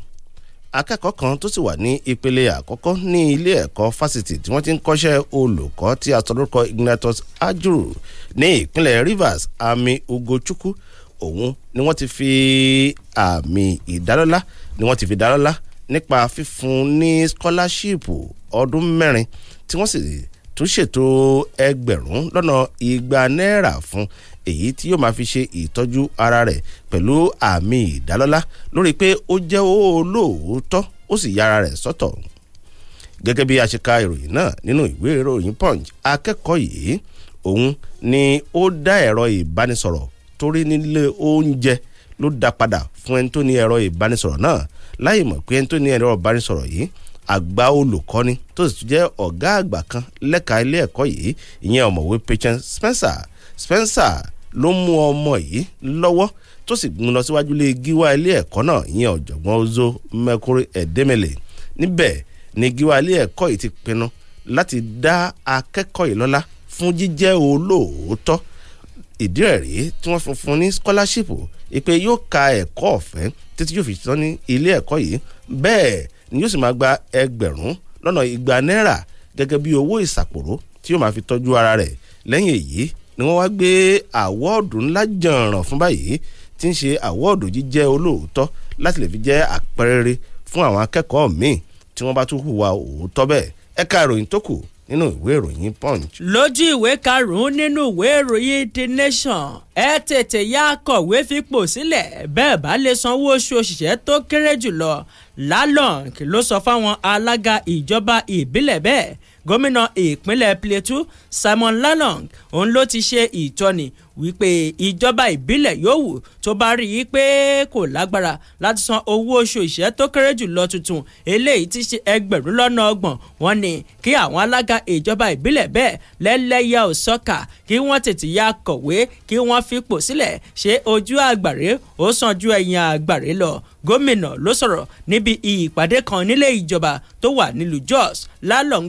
akẹ́kọ̀ọ́ kan tó sì wà ní ìpele àkọ́kọ́ ní ilé ẹ̀kọ́ fásitì tí wọ́n ti ń kọ́ṣẹ́ olùkọ́ tí a sọ lórúkọ Ignatius Ajuru ní ìpínlẹ̀ Rivers Ami Ugochukwu ọ̀hún ni wọ́n ti fi àmì ìdálọ́lá ni wọ́n ti fi dálọ́lá nípa fífún ní skọ́láṣíìpù ọdún mẹ́rin tí wọ́n sì tún ṣètò ẹgbẹ̀rún lọ́nà igba náírà fún èyí tí yóò máa fi ṣe ìtọ́jú ara rẹ̀ pẹ̀lú àmì ìdálọ́lá lórí pé ó jẹ́ olóòótọ́ ó sì yára rẹ̀ sọ́tọ̀ gẹ́gẹ́ bí a ṣe ka ìròyìn náà nínú ìwé ìròyìn punch akẹ́kọ̀ọ́ yìí òun ni ó dá ẹ̀rọ ìbánisọ̀rọ̀ torí nílé oúnjẹ ló dá padà fún ẹni tó ní ẹ̀rọ ìbánisọ̀rọ̀ náà láì mọ̀ pé ẹni tó ní ẹ̀rọ ìbánisọ̀rọ̀ yìí àgbà olùkọ́ni tó sì jẹ́ ọ̀gá àgbà kan lẹ́ka ilé ẹ̀kọ́ yìí ìyẹn ọ̀mọ̀wé patience Spencer Spencer ló mú ọmọ yìí lọ́wọ́ tó sì gún lọ síwájú lé gíwá ilé ẹ̀kọ́ náà ìyẹn ọ̀jọ̀gbọ́n Ozo Mekuri Edemele níbẹ̀ ni gíwá ilé ẹ̀kọ́ yìí ti pinnu láti dá akẹ́kọ̀ọ́ yìí lọ́lá fún jíjẹ́ olóòótọ́ ìdí rẹ̀ rèé tí wọ́n fi fún ní scholarship ìpè yóò ka ẹ̀kọ́ ọ̀fẹ́ títí yóò fi tán ní ilé ẹ̀kọ́ yìí bẹ́ẹ̀ ni yóò sì máa gba ẹgbẹ̀rún lọ́nà igba náírà gẹ́gẹ́ bí owó ìsàpòrò tí yóò máa fi tọ́jú ara rẹ̀ lẹ́yìn èyí ni wọ́n wá gbé àwọ́ọ̀dù ńlá jàǹràn fún báyìí tí ń ṣe àwọ́ọ̀dù jíjẹ́ olóòótọ́ láti lè fi jẹ́ àpẹrẹrẹ fún àwọn akẹ́kọ̀ọ́ míì tí wọ́n bá tún hùwà òótọ́ bẹ́ẹ̀ ẹ̀ka ìròyìn tó kù nínú ìwé ìròyìn punch. lójú ìwé karùn-ún nínú ìwé ìròyìn the nation ẹ tètè yá kọ̀wé fipò sílẹ̀ bẹ́ẹ̀ bá lè sanwó oṣù òṣìṣẹ́ tó kéré jùlọ lalong ló sọ fáwọn alága ìjọba ìbílẹ̀ bẹ́ẹ̀ gómìnà ìpínlẹ̀ plateau Simon Lalong òun ló ti ṣe ìtọ́ni wípé ìjọba ìbílẹ̀ yòówù tó bá rí i pé kò lágbára láti san owó oṣù ìṣẹ́ tó kéré jù lọ tuntun eléyìí ti ṣe ẹgbẹ̀rún lọ́nà ọgbọ̀n wọ́n ní kí àwọn alága ìjọba ìbílẹ̀ bẹ́ẹ̀ lẹ́lẹ́yà ò sọ́kà kí wọ́n tètè ya kọ̀wé kí wọ́n fipò sílẹ̀ ṣe ojú àgbàre ó sàn ju ẹ̀yìn àgbàre lọ gómìnà ló sọ̀rọ̀ níbi ìpàdé kan nílé ìjọba tó wà nílùú Jos lálọ́ ń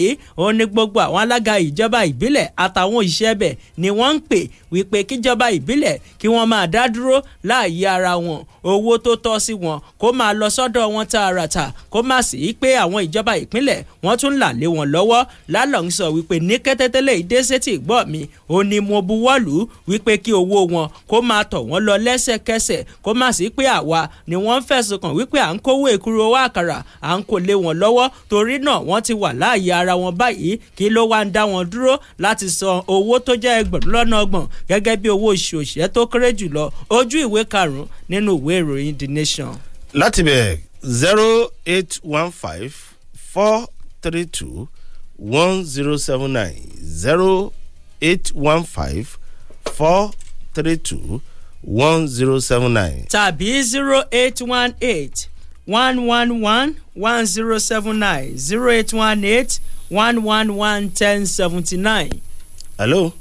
yìí ó ní gbogbo àwọn alága ìjọba ìbílẹ̀ àtàwọn òṣìṣẹ́ ibẹ̀ ni wọ́n ń pè wípé kíjọba ìbílẹ̀ kí wọ́n máa dá dúró láàyè ara wọn owó tó tọ́ sí wọn kó máa lọ sọ́dọ̀ wọn tààràtà kó má sì í pé àwọn ìjọba ìpínlẹ̀ wọ́n tún là lé wọn lọ́wọ́ lálọ́n sọ wípé ní kẹ́tẹ́tẹ́lẹ̀ ìdẹ́sẹ̀tì gbọ́ mi ó ní mo buwọ́lù wípé kí owó wọn kó máa tọ̀ wọ́n lọ lẹ́sẹ̀kẹsẹ̀ kó má sì í pé àwa ni wọ́n fẹ̀sùn kàn wípé à ń kówó èkúrò owó àkàrà à ń kò lé wọn lọ́wọ́ torí náà wọ́n ti wà láàyè ara ara wọn báyìí kí ló wá ń dá wọn dúró láti san owó tó jẹ́ ẹgbẹ̀rún lọ́nà ọgbọ̀n gẹ́gẹ́ bí owó oṣù òṣìṣẹ́ tó kéré jùlọ ojú ìwé karùn-ún nínú ìwé ìròyìn the nation. láti bẹ̀ zero eight one five four three two one zero seven nine zero eight one five four three two one zero seven nine. tàbí zero eight one eight one one one one zero seven nine zero eight one eight one one one ten seventy nine. hello.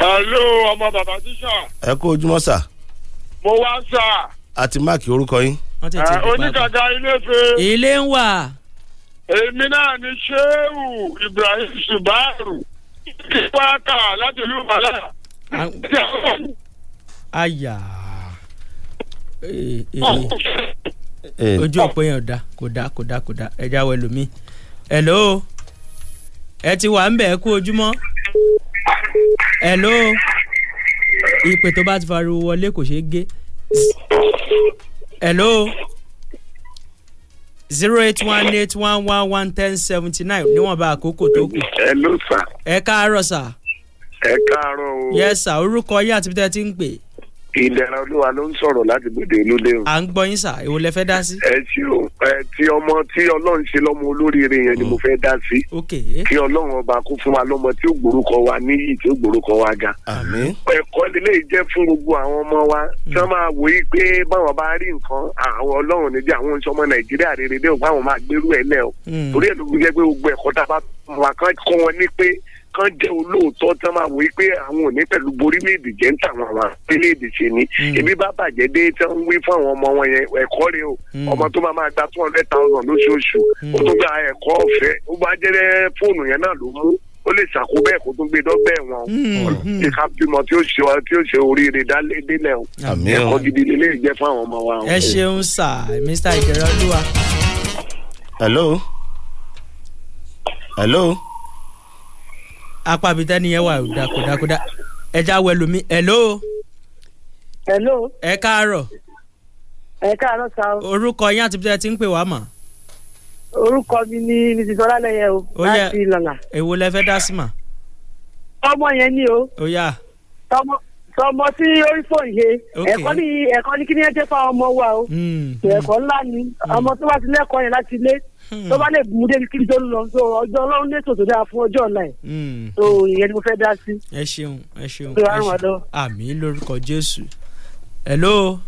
hello ọmọ bàbá tíṣà. ẹ kú ojúmọ́ sà. mo wá sà. a ti máàkì orúkọ yín. oníkàkà ilé fe. ilé ń wà. èmi náà ni sheu ibrahim subaru kí wá kà láti ìlú bàlá. àyà ojú ọ̀pọ̀ yẹn ò dá kò dá kò dá kò dá ẹja wẹlùmí. hello. hello? ẹ ti wà ń bẹ̀ kú ojúmọ́ hello ìpè tó bá ti fariwo wọlé kò ṣeé gé hello zero eight one eight one one one ten seventy nine níwọ̀nba àkókò tó kù. hello sir. ẹ káàárọ̀ sir. ẹ káàárọ̀ o. yes orúkọ yín àti bí tẹ́ ti ń pè é ìdẹ̀ra olúwa ló ń sọ̀rọ̀ láti gbèdé olúlé o. à ń gbọ́ yín sà èwo lẹ fẹ́ dá sí. ẹ tí o ẹ tí ọmọ tí ọlọ́run ṣe lọ́mọ olóríire yẹn ni mo oh. fẹ́ dá sí. kí ọlọ́run ọba kó fún wa lọ́mọ tí ó gbórúkọ wa níyì tí ó gbórúkọ wa ga. ẹ̀kọ́ lílé jẹ́ fún gbogbo àwọn ọmọ wa hmm. tí wọ́n máa wò pé báwọn bá rí nǹkan àwọn ọlọ́run níjẹ́ àwọn oṣù ọmọ nàìjíríà rere dé òkú àwọn máa gbérú kan jẹ́ olóòótọ́ tán máa wò pé àwọn ò ní pẹ̀lú borílẹ̀-èdè jẹ́ ń tàwọn àwọn orílẹ̀-èdè ṣe ni hmm. ebi bá bàjẹ́ dé tán ń wí fún àwọn ọmọ wọn yẹn ẹ̀kọ́ rẹ o hmm. ọmọ tó máa máa gba two hundred thousand lóṣooṣù hmm. ó tó gba ẹ̀kọ́ ọ̀fẹ́ ó bá jẹ́ fóònù yẹn náà ló mú ó lè ṣàkó bẹ́ẹ̀ kó tó gbé dọ́gbẹ́ wọn ṣe ká bímọ tí ó ṣe wa tí ó ṣe oríire délẹ̀ o ẹ̀kọ́ gidi lè jẹ́ fún àwọn ọmọ wa. ẹ ṣeun sà Mr. ìjẹrẹ olúwa. hello hello apá bíi tẹ́ni yẹn wà kódàkódà ẹja wẹ lómi hello. hello. ẹ káàárọ̀. ẹ káàárọ̀ sa o. orúkọ yín àti bí ẹ ti ń pè wá mà. orúkọ mi ni mrs ọlálẹyẹ o láti ìlànà. èwo lẹ fẹ́ dá sí mà. ọmọ yẹn ni o. ó yá. tọmọ tọmọ tí orí fòun he ẹ̀kọ́ ní ẹ̀kọ́ ní kí ni ẹ jẹ fáwọn ọmọ wa o. Hmm, hmm. ẹ̀kọ́ ńlá ni hmm. ọmọ tó bá ti lẹ́kọ̀ọ́ yẹn láti ilé. Hmm. tó bá lè mú débi kí n lọ so ọjọ́ ọlọ́run ní ètò dáa fún ọjọ́ ọ̀la ẹ̀ hmm. so ìyẹn ni mo fẹ́ dá sí. ẹ ṣeun ẹ ṣeun ẹ ṣeun àmín lórúkọ jésù. hello.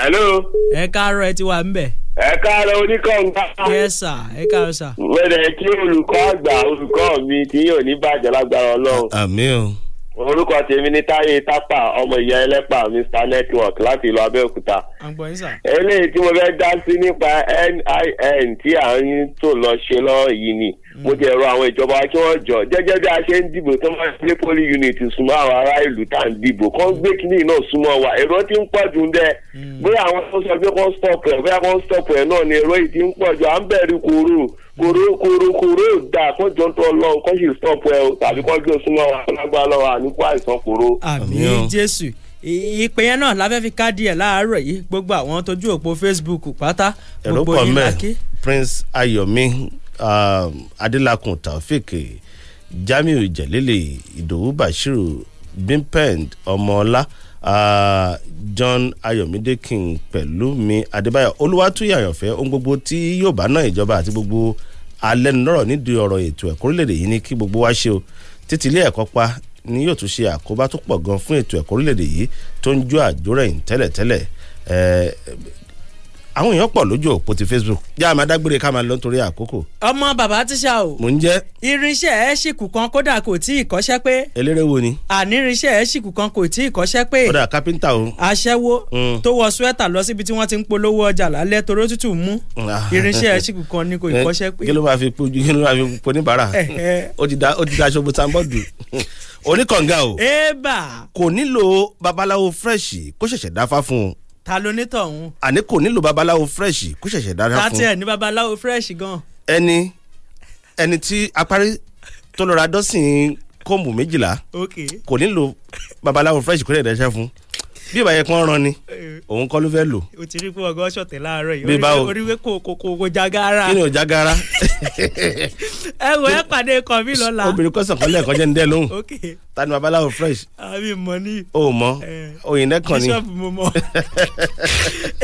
hello. ẹ káàárọ̀ ẹ ti wà ńbẹ̀. ẹ káàárọ̀ oníkànga. yes sir ẹ káàárọ̀ sir. wẹ́rẹ̀ kí olùkọ́ àgbà olùkọ́ mi kí yóò ní bàjẹ́ lágbára ọlọ́run. àmín o orúkọ tèmi ni táyé tápà ọmọ ìyá ẹlẹ́pà mr network láti ìlú abẹ́òkúta. eléyìí tí mo fẹ́ dá sí nípa nin tí à ń tò lọ ṣe lọ́wọ́ yìí ni mo jẹ rọ àwọn ìjọba kí wọ́n jọ jẹ́jẹ́ bí a ṣe ń dìbò tó máa ń gbé poli unit súnmọ́ àwọn ará ìlú tá à ń dìbò kó ń gbé kínní náà súnmọ́ wa èrò ti ń pọ̀ jù ń dẹ hmm. bóyá àwọn tó sọ pé kó stop ẹ̀ bóyá kó stop ẹ̀ náà ni èrò yìí ti ń pọ̀ jù à ń bẹ̀rù kòró kòró hmm. kòró kòró dà kó jọ ń tọ́ lọ kó sì stop ẹ̀ tàbí kó gbé súnmọ́ wa lágbá lọ́wọ́ àníkú àìsàn kòró. àmín jésù ìpè yẹn náà láfẹ́ fi káàdì ẹ̀ láàárọ̀ yìí gbogbo àwọn tójú òpó Facebook pátá gbogbo yìí lákè. prince ayomi Um, adélakùn taofik jamiu jalele idowu bashiru bimpend ọmọọlá uh, john ayomide king pẹ̀lú mi adébáyọ̀ olúwatúyà àyànfẹ́ ohun gbogbo tí yóò bá náà ìjọba àti gbogbo alẹ́nulọ́rọ̀ nídìí ọ̀rọ̀ ètò ẹ̀kọ́ orílẹ̀ yìí ní kí gbogbo wa ṣe o títí ilé ẹ̀kọ́ pa ni yóò tún ṣe àkóbá tó pọ̀ gan fún ètò ẹ̀kọ́ orílẹ̀ yìí tó ń jó àjórẹ̀yìn tẹ́lẹ̀tẹ́lẹ̀ àwọn èèyàn pọ̀ lójú òpó ti facebook já a máa dágbére ká máa lọ nítorí àkókò. ọmọ bàbá tíṣà o. mò ń jẹ́. irinṣẹ́ ẹ ṣìkù kan kódà kò tí ì kọ́ṣẹ́ pé. eléré wo ni. àní irinṣẹ́ ẹ ṣìkù kan kò tí ì kọ́ṣẹ́ pé. kódà kápẹ́ńtà o. aṣẹ́wó mm. tó wọ suẹ́tà lọ síbi tí wọ́n ti ń polówó ọjà lálẹ́ toró tútù mú. Mm, ah. irinṣẹ́ ẹ kan ni kò ì eh, kọ́ṣẹ́ pé. kí ló máa fi eh, eh. da aṣọ́gbó sanbọ́ọ̀dù oníkànga o. ẹ bà. kò nílò babaláwo fresh kó ṣẹ̀ṣẹ̀ dáfá fún ta ló ní tọ̀hún. àní kò nílò babaláwo fresh kó ṣẹ̀ṣẹ̀ dára fún. láti ẹ̀ ní babaláwo fresh gan. ẹni ẹni tí apárí tó lọ dọ́sìn kóòmù méjìlá kò nílò babaláwo fresh kó ṣẹ̀ṣẹ̀ dára fún bí ìbáyẹ pọ́n rán ni òun kọ́ ló fẹ́ lò. o ti rí pé ọgọ́ ṣọ̀tẹ̀ láàárọ̀ yìí orí wé kò kò kò jagara. kí ni o jagara. ẹ wo ẹ pàdé ikọ̀ mi lọ́la. obìnrin kọ́sàn kan lẹ́ẹ̀kan jẹ́ ní dẹ́ lóhùn ta ni babaláwo fresh. àmì mọ ni. o mọ oyinẹkan ni. bíṣọ̀pù mo mọ.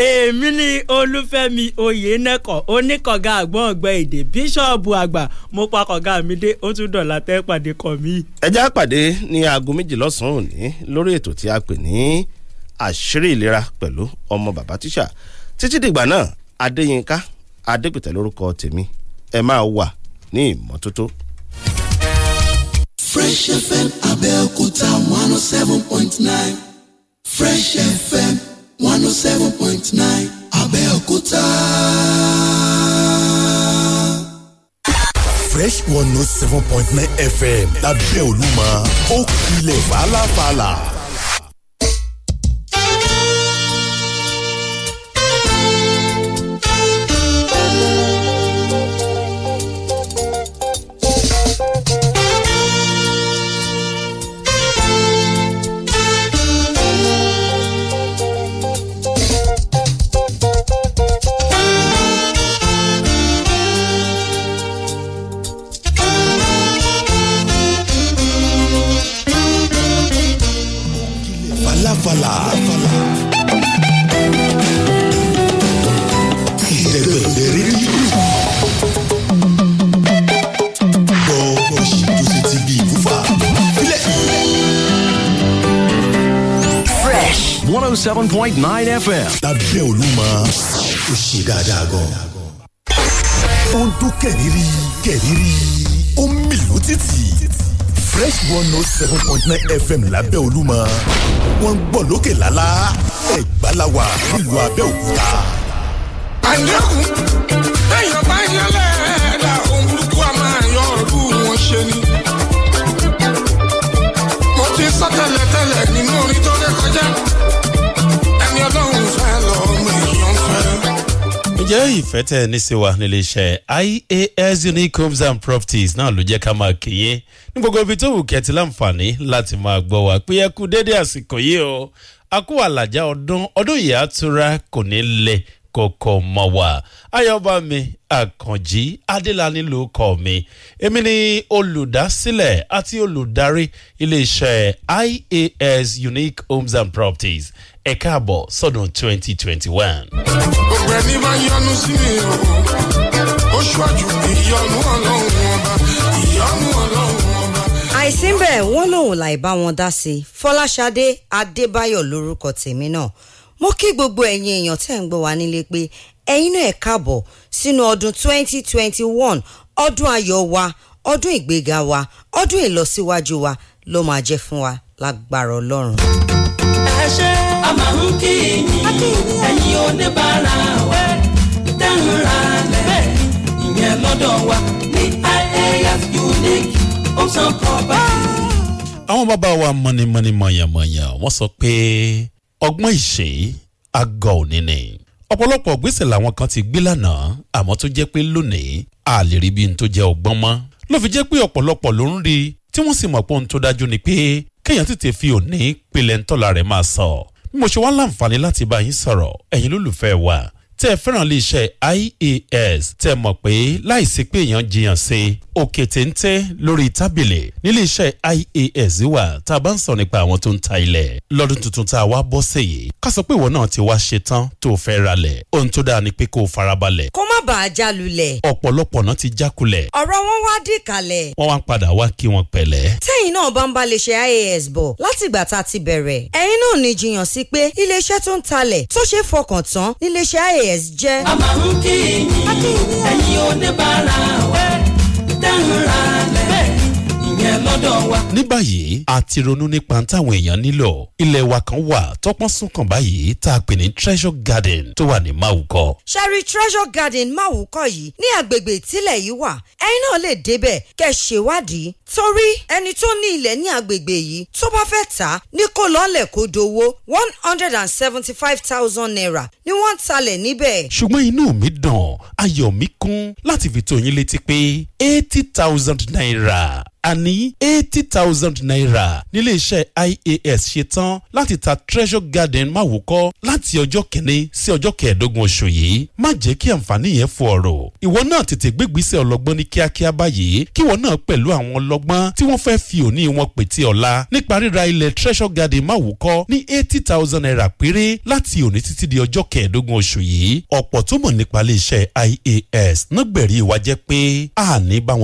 èmi ni olúfẹ́mi oyinẹkan oníkọ̀gá àgbọ̀n ọ̀gbẹ́ èdè bíṣọ̀pù àgbà mo pa kọ̀gá mi dé ó tún dọ̀la tẹ́ pàdé kọ̀ mi. ẹ já pàdé ní aago méjì lọ́sàn-án òní lórí ètò tí a pè ní àṣírí ìlera pẹ̀lú ọmọ bàbá tíṣà títí dìgbà náà adéyínká adépìtẹ̀ lórúkọ tèmi ẹ máa wà ní ìmọ́tótó. fresh fm abẹ́òkúta one oh seven point nine fresh fm one oh seven point nine abẹ́òkúta. fresh one oh seven point nine fm lábẹ́ olúmọ ó kilẹ̀ fàlàfàlà. point nine FM. lábẹ́ Olúmọ ó ṣe dáadáa gan. ó ń dún kẹ̀rìírí kẹ̀rìírí ó ń mì lótìtì fresh one note oh seven point nine fm lábẹ́ Olúmọ wọ́n ń gbọ́ lókè lálá Ẹ̀gbá la nílùú Abẹ́òkúta. àyẹ̀kùn ẹ̀yọ̀ bá yẹlẹ̀. ǹjẹ́ ìfẹ́ tẹ̀ ní sí wa nílé iṣẹ́ ias unique homes and properties náà ló jẹ́ ká máa kéye ní gbogbo ibi tó wù kẹ́tì láǹfààní láti máa gbọ́ wa pé ẹ kú dédé àsìkò yìí o a kú àlàjá ọdún ọdún yìí àtúrà kò ní lẹ̀ kọ̀ọ̀kọ̀ mọ̀ wá ayọ̀bá mi àkànjí adélani ló kọ́ mi èmi ni olùdásílẹ̀ àti olùdarí iléeṣẹ́ ias unique homes and properties ẹ káàbọ̀ sọ́dún 2021. twenty ní bá yọnu sí mi o ó ṣáájú ìyọnu ọlọ́run ọba ìyọnu ọlọ́run ọba. àìsí bẹ́ẹ̀ wọ́n lòun láì bá wọn dá sí i fọláṣadé adébáyọ̀ lórúkọ tèmi náà mo kí gbogbo ẹ̀yin èèyàn tẹ́ ń gbọ́ wá nílé pé ẹ̀yin náà ẹ káàbọ̀ sínú ọdún twenty twenty one ọdún ayọ̀ wa ọdún ìgbéga wa ọdún ìlọsíwájú wa ló máa jẹ́ fún wa lágbára ọlọ́run. ẹ ṣe àǹkì yìí ẹ̀yin oníbàárà wa dáhùn ra lẹ̀ ìyẹn lọ́dọ̀ wa ní ias unique homes and properties. àwọn bàbá wa mọ̀nìmọ̀nì mọ̀yàmọ̀yà wọ́n sọ pé ọgbọ́n ìṣe àgọ́ òní ni ọ̀pọ̀lọpọ̀ gbèsè làwọn kan ti gbé lánàá àmọ́ tó jẹ́ pé lónìí a lè rí bí n tó jẹ́ ọgbọ́n mọ́ ló fi jẹ́ pé ọ̀pọ̀lọpọ̀ ló ń rí tí wọ́n sì mọ̀ pé ohun tó dájú ni pé kéèyàn tètè fi òní pilẹ̀ ńtọ́la rẹ̀ máa sọ mo ṣe wá láǹfààní láti bá yín sọ̀rọ̀ ẹ̀yin lólùfẹ́ wa tẹ́ fẹ́ràn lè ṣe IAS tẹ́ mọ̀ pé láìsí pé èèyàn jiyàn sí i òkè téńté lórí tábìlì nílé iṣẹ́ IAS wà tá a bá ń sọ nípa àwọn tó ń ta ilẹ̀ lọ́dún tuntun tá a wá bọ́ sí yìí ká sọ pé ìwọ náà ti wá ṣe tán tó o fẹ́ ralẹ̀ ohun tó dáa ni pé kó o farabalẹ̀. kó má bàa já lulẹ̀. ọ̀pọ̀lọpọ̀ náà ti já kulẹ̀. ọ̀rọ̀ wọn wá dì kalẹ̀. wọ́n wá ń padà wá kí wọn pẹ̀lẹ́. tẹ́yìn náà bá ń bá lè ṣe IAS bọ̀ látìgbà tá a ti bẹ̀rẹ̀ lawyers jẹ́. a máa a kí ẹ̀yin oníbàárà wa dáhùn ra yẹn lọ́dọ̀ wa. ní báyìí a ti ronú nípa táwọn èèyàn nílò ilẹ̀ wa kan wà tọ́pọ́n súnkàn báyìí tá a pè ní treasure garden tó wà ní Máwùkọ́. sẹ́rí treasure garden Máwùkọ́ yìí ní àgbègbè ìtílẹ̀ yìí wà ẹ̀yin náà lè débẹ̀ kẹ́ ṣèwádìí torí ẹni tó ní ilẹ̀ ní àgbègbè yìí tó bá fẹ́ tà á ní kó lọ́lẹ̀ kó dowó one hundred and seventy five thousand naira ni wọ́n ń talẹ̀ níbẹ̀. ṣùgbọ́n inú mi dàn ayọ̀ mi kún láti fi tó yín létí pé eighty thousand naira a ní eighty thousand naira níléeṣẹ́ ias ṣe tán láti ta treasure garden máwòkọ́ láti ọjọ́ kìíní sí ọjọ́ kẹẹ̀ẹ́dógún oṣù yìí má jẹ́ kí àǹfààní yẹn fò ọ̀rọ̀ ìwọ náà tètè gbégbèsè ọlọ́gbọ́n ní kíákíá báyìí kí ìwọ náà pẹ̀lú àwọn ọlọ́gbọ́n tí wọ́n fẹ́ fi òní wọn pètè ọ̀la nípa ríra ilẹ̀ treasure garden máwòkọ́ ní eighty thousand naira péré láti òní títí di ọjọ́ kẹẹ̀ẹ́dógún oṣù yìí ọ̀pọ̀ tó mọ̀ nípa iléeṣẹ́ ias nígbẹ̀rí ìwà jẹ́ pé àní bá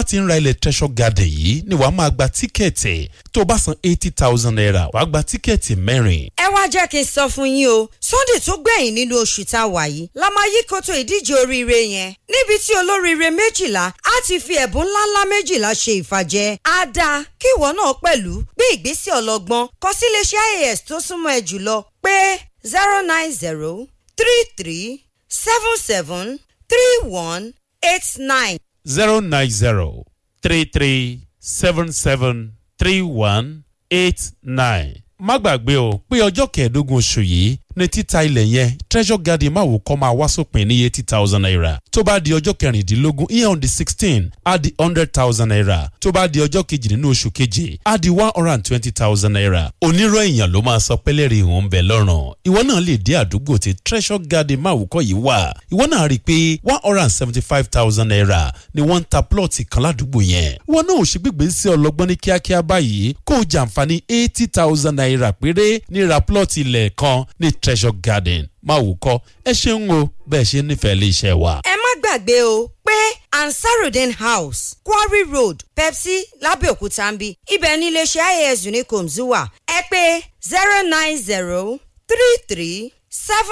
bá ti ń ra ilẹ̀ treasure garden yìí ni wàá máa gba tíkẹ́ẹ̀tì tó bá san eighty thousand naira wàá gba tíkẹ́ẹ̀tì mẹ́rin. ẹ wá jẹ́ kí n sọ fún yín o sunday tó gbẹ̀yìn nínú oṣù tá a wà yìí la máa yí kótó ìdíje oríire yẹn níbi tí olóríire méjìlá á ti fi ẹ̀bùn ńláńlá méjìlá ṣe ìfàjẹ́ á dáa kí ìwọ náà pẹ̀lú gbé ìgbésẹ̀ ọlọ́gbọ́n kọ sí iléeṣẹ́ ias tó súnmọ́ ẹ jùlọ pé zero nine zero three three seven seven three one eight nine. 090 33 77 3189. má gbàgbé o pé ọjọ́ kẹẹ̀ẹ́dógún oṣù yìí ní títa ilẹ̀ yẹn treasure garden máa wò kọ́ máa wá sópin ní eighty thousand naira tó bá di ọjọ́ kẹrìndínlógún ìyẹn on the sixteen á di hundred thousand naira tó bá di ọjọ́ kejì nínú oṣù keje á di one hundred and twenty thousand naira onírọ̀ èèyàn ló máa sọ pẹ́lẹ́rì ìhùn bẹ̀ lọ́rùn ìwọ náà lè dé àdúgbò tí treasure garden máa wò kọ́ yìí wà ìwọ náà rí i pé one hundred and seventy five thousand naira ni wọ́n ń ta plọ́ọ̀tì kan ládùúgbò yẹn ìwọ náà ò ṣe gbígbé sí ọlọ́gbọ́n ní kíákíá báyìí kó o jàǹfààní eighty thousand naira péré ní ra plọ́ọ̀tì ilẹ̀ kan ní tre treasure garden máwùkọ́ ẹ ṣeun o bẹ́ẹ̀ ṣe nífẹ̀ẹ́ ilé iṣẹ́ wa. ẹ má gbàgbé o pé ansarudin house quarry road pepsi lábẹ́òkúta ń bí ibẹ̀ ní iléeṣẹ́ ias unicom zuwa ẹ pé zero nine zero three three seven.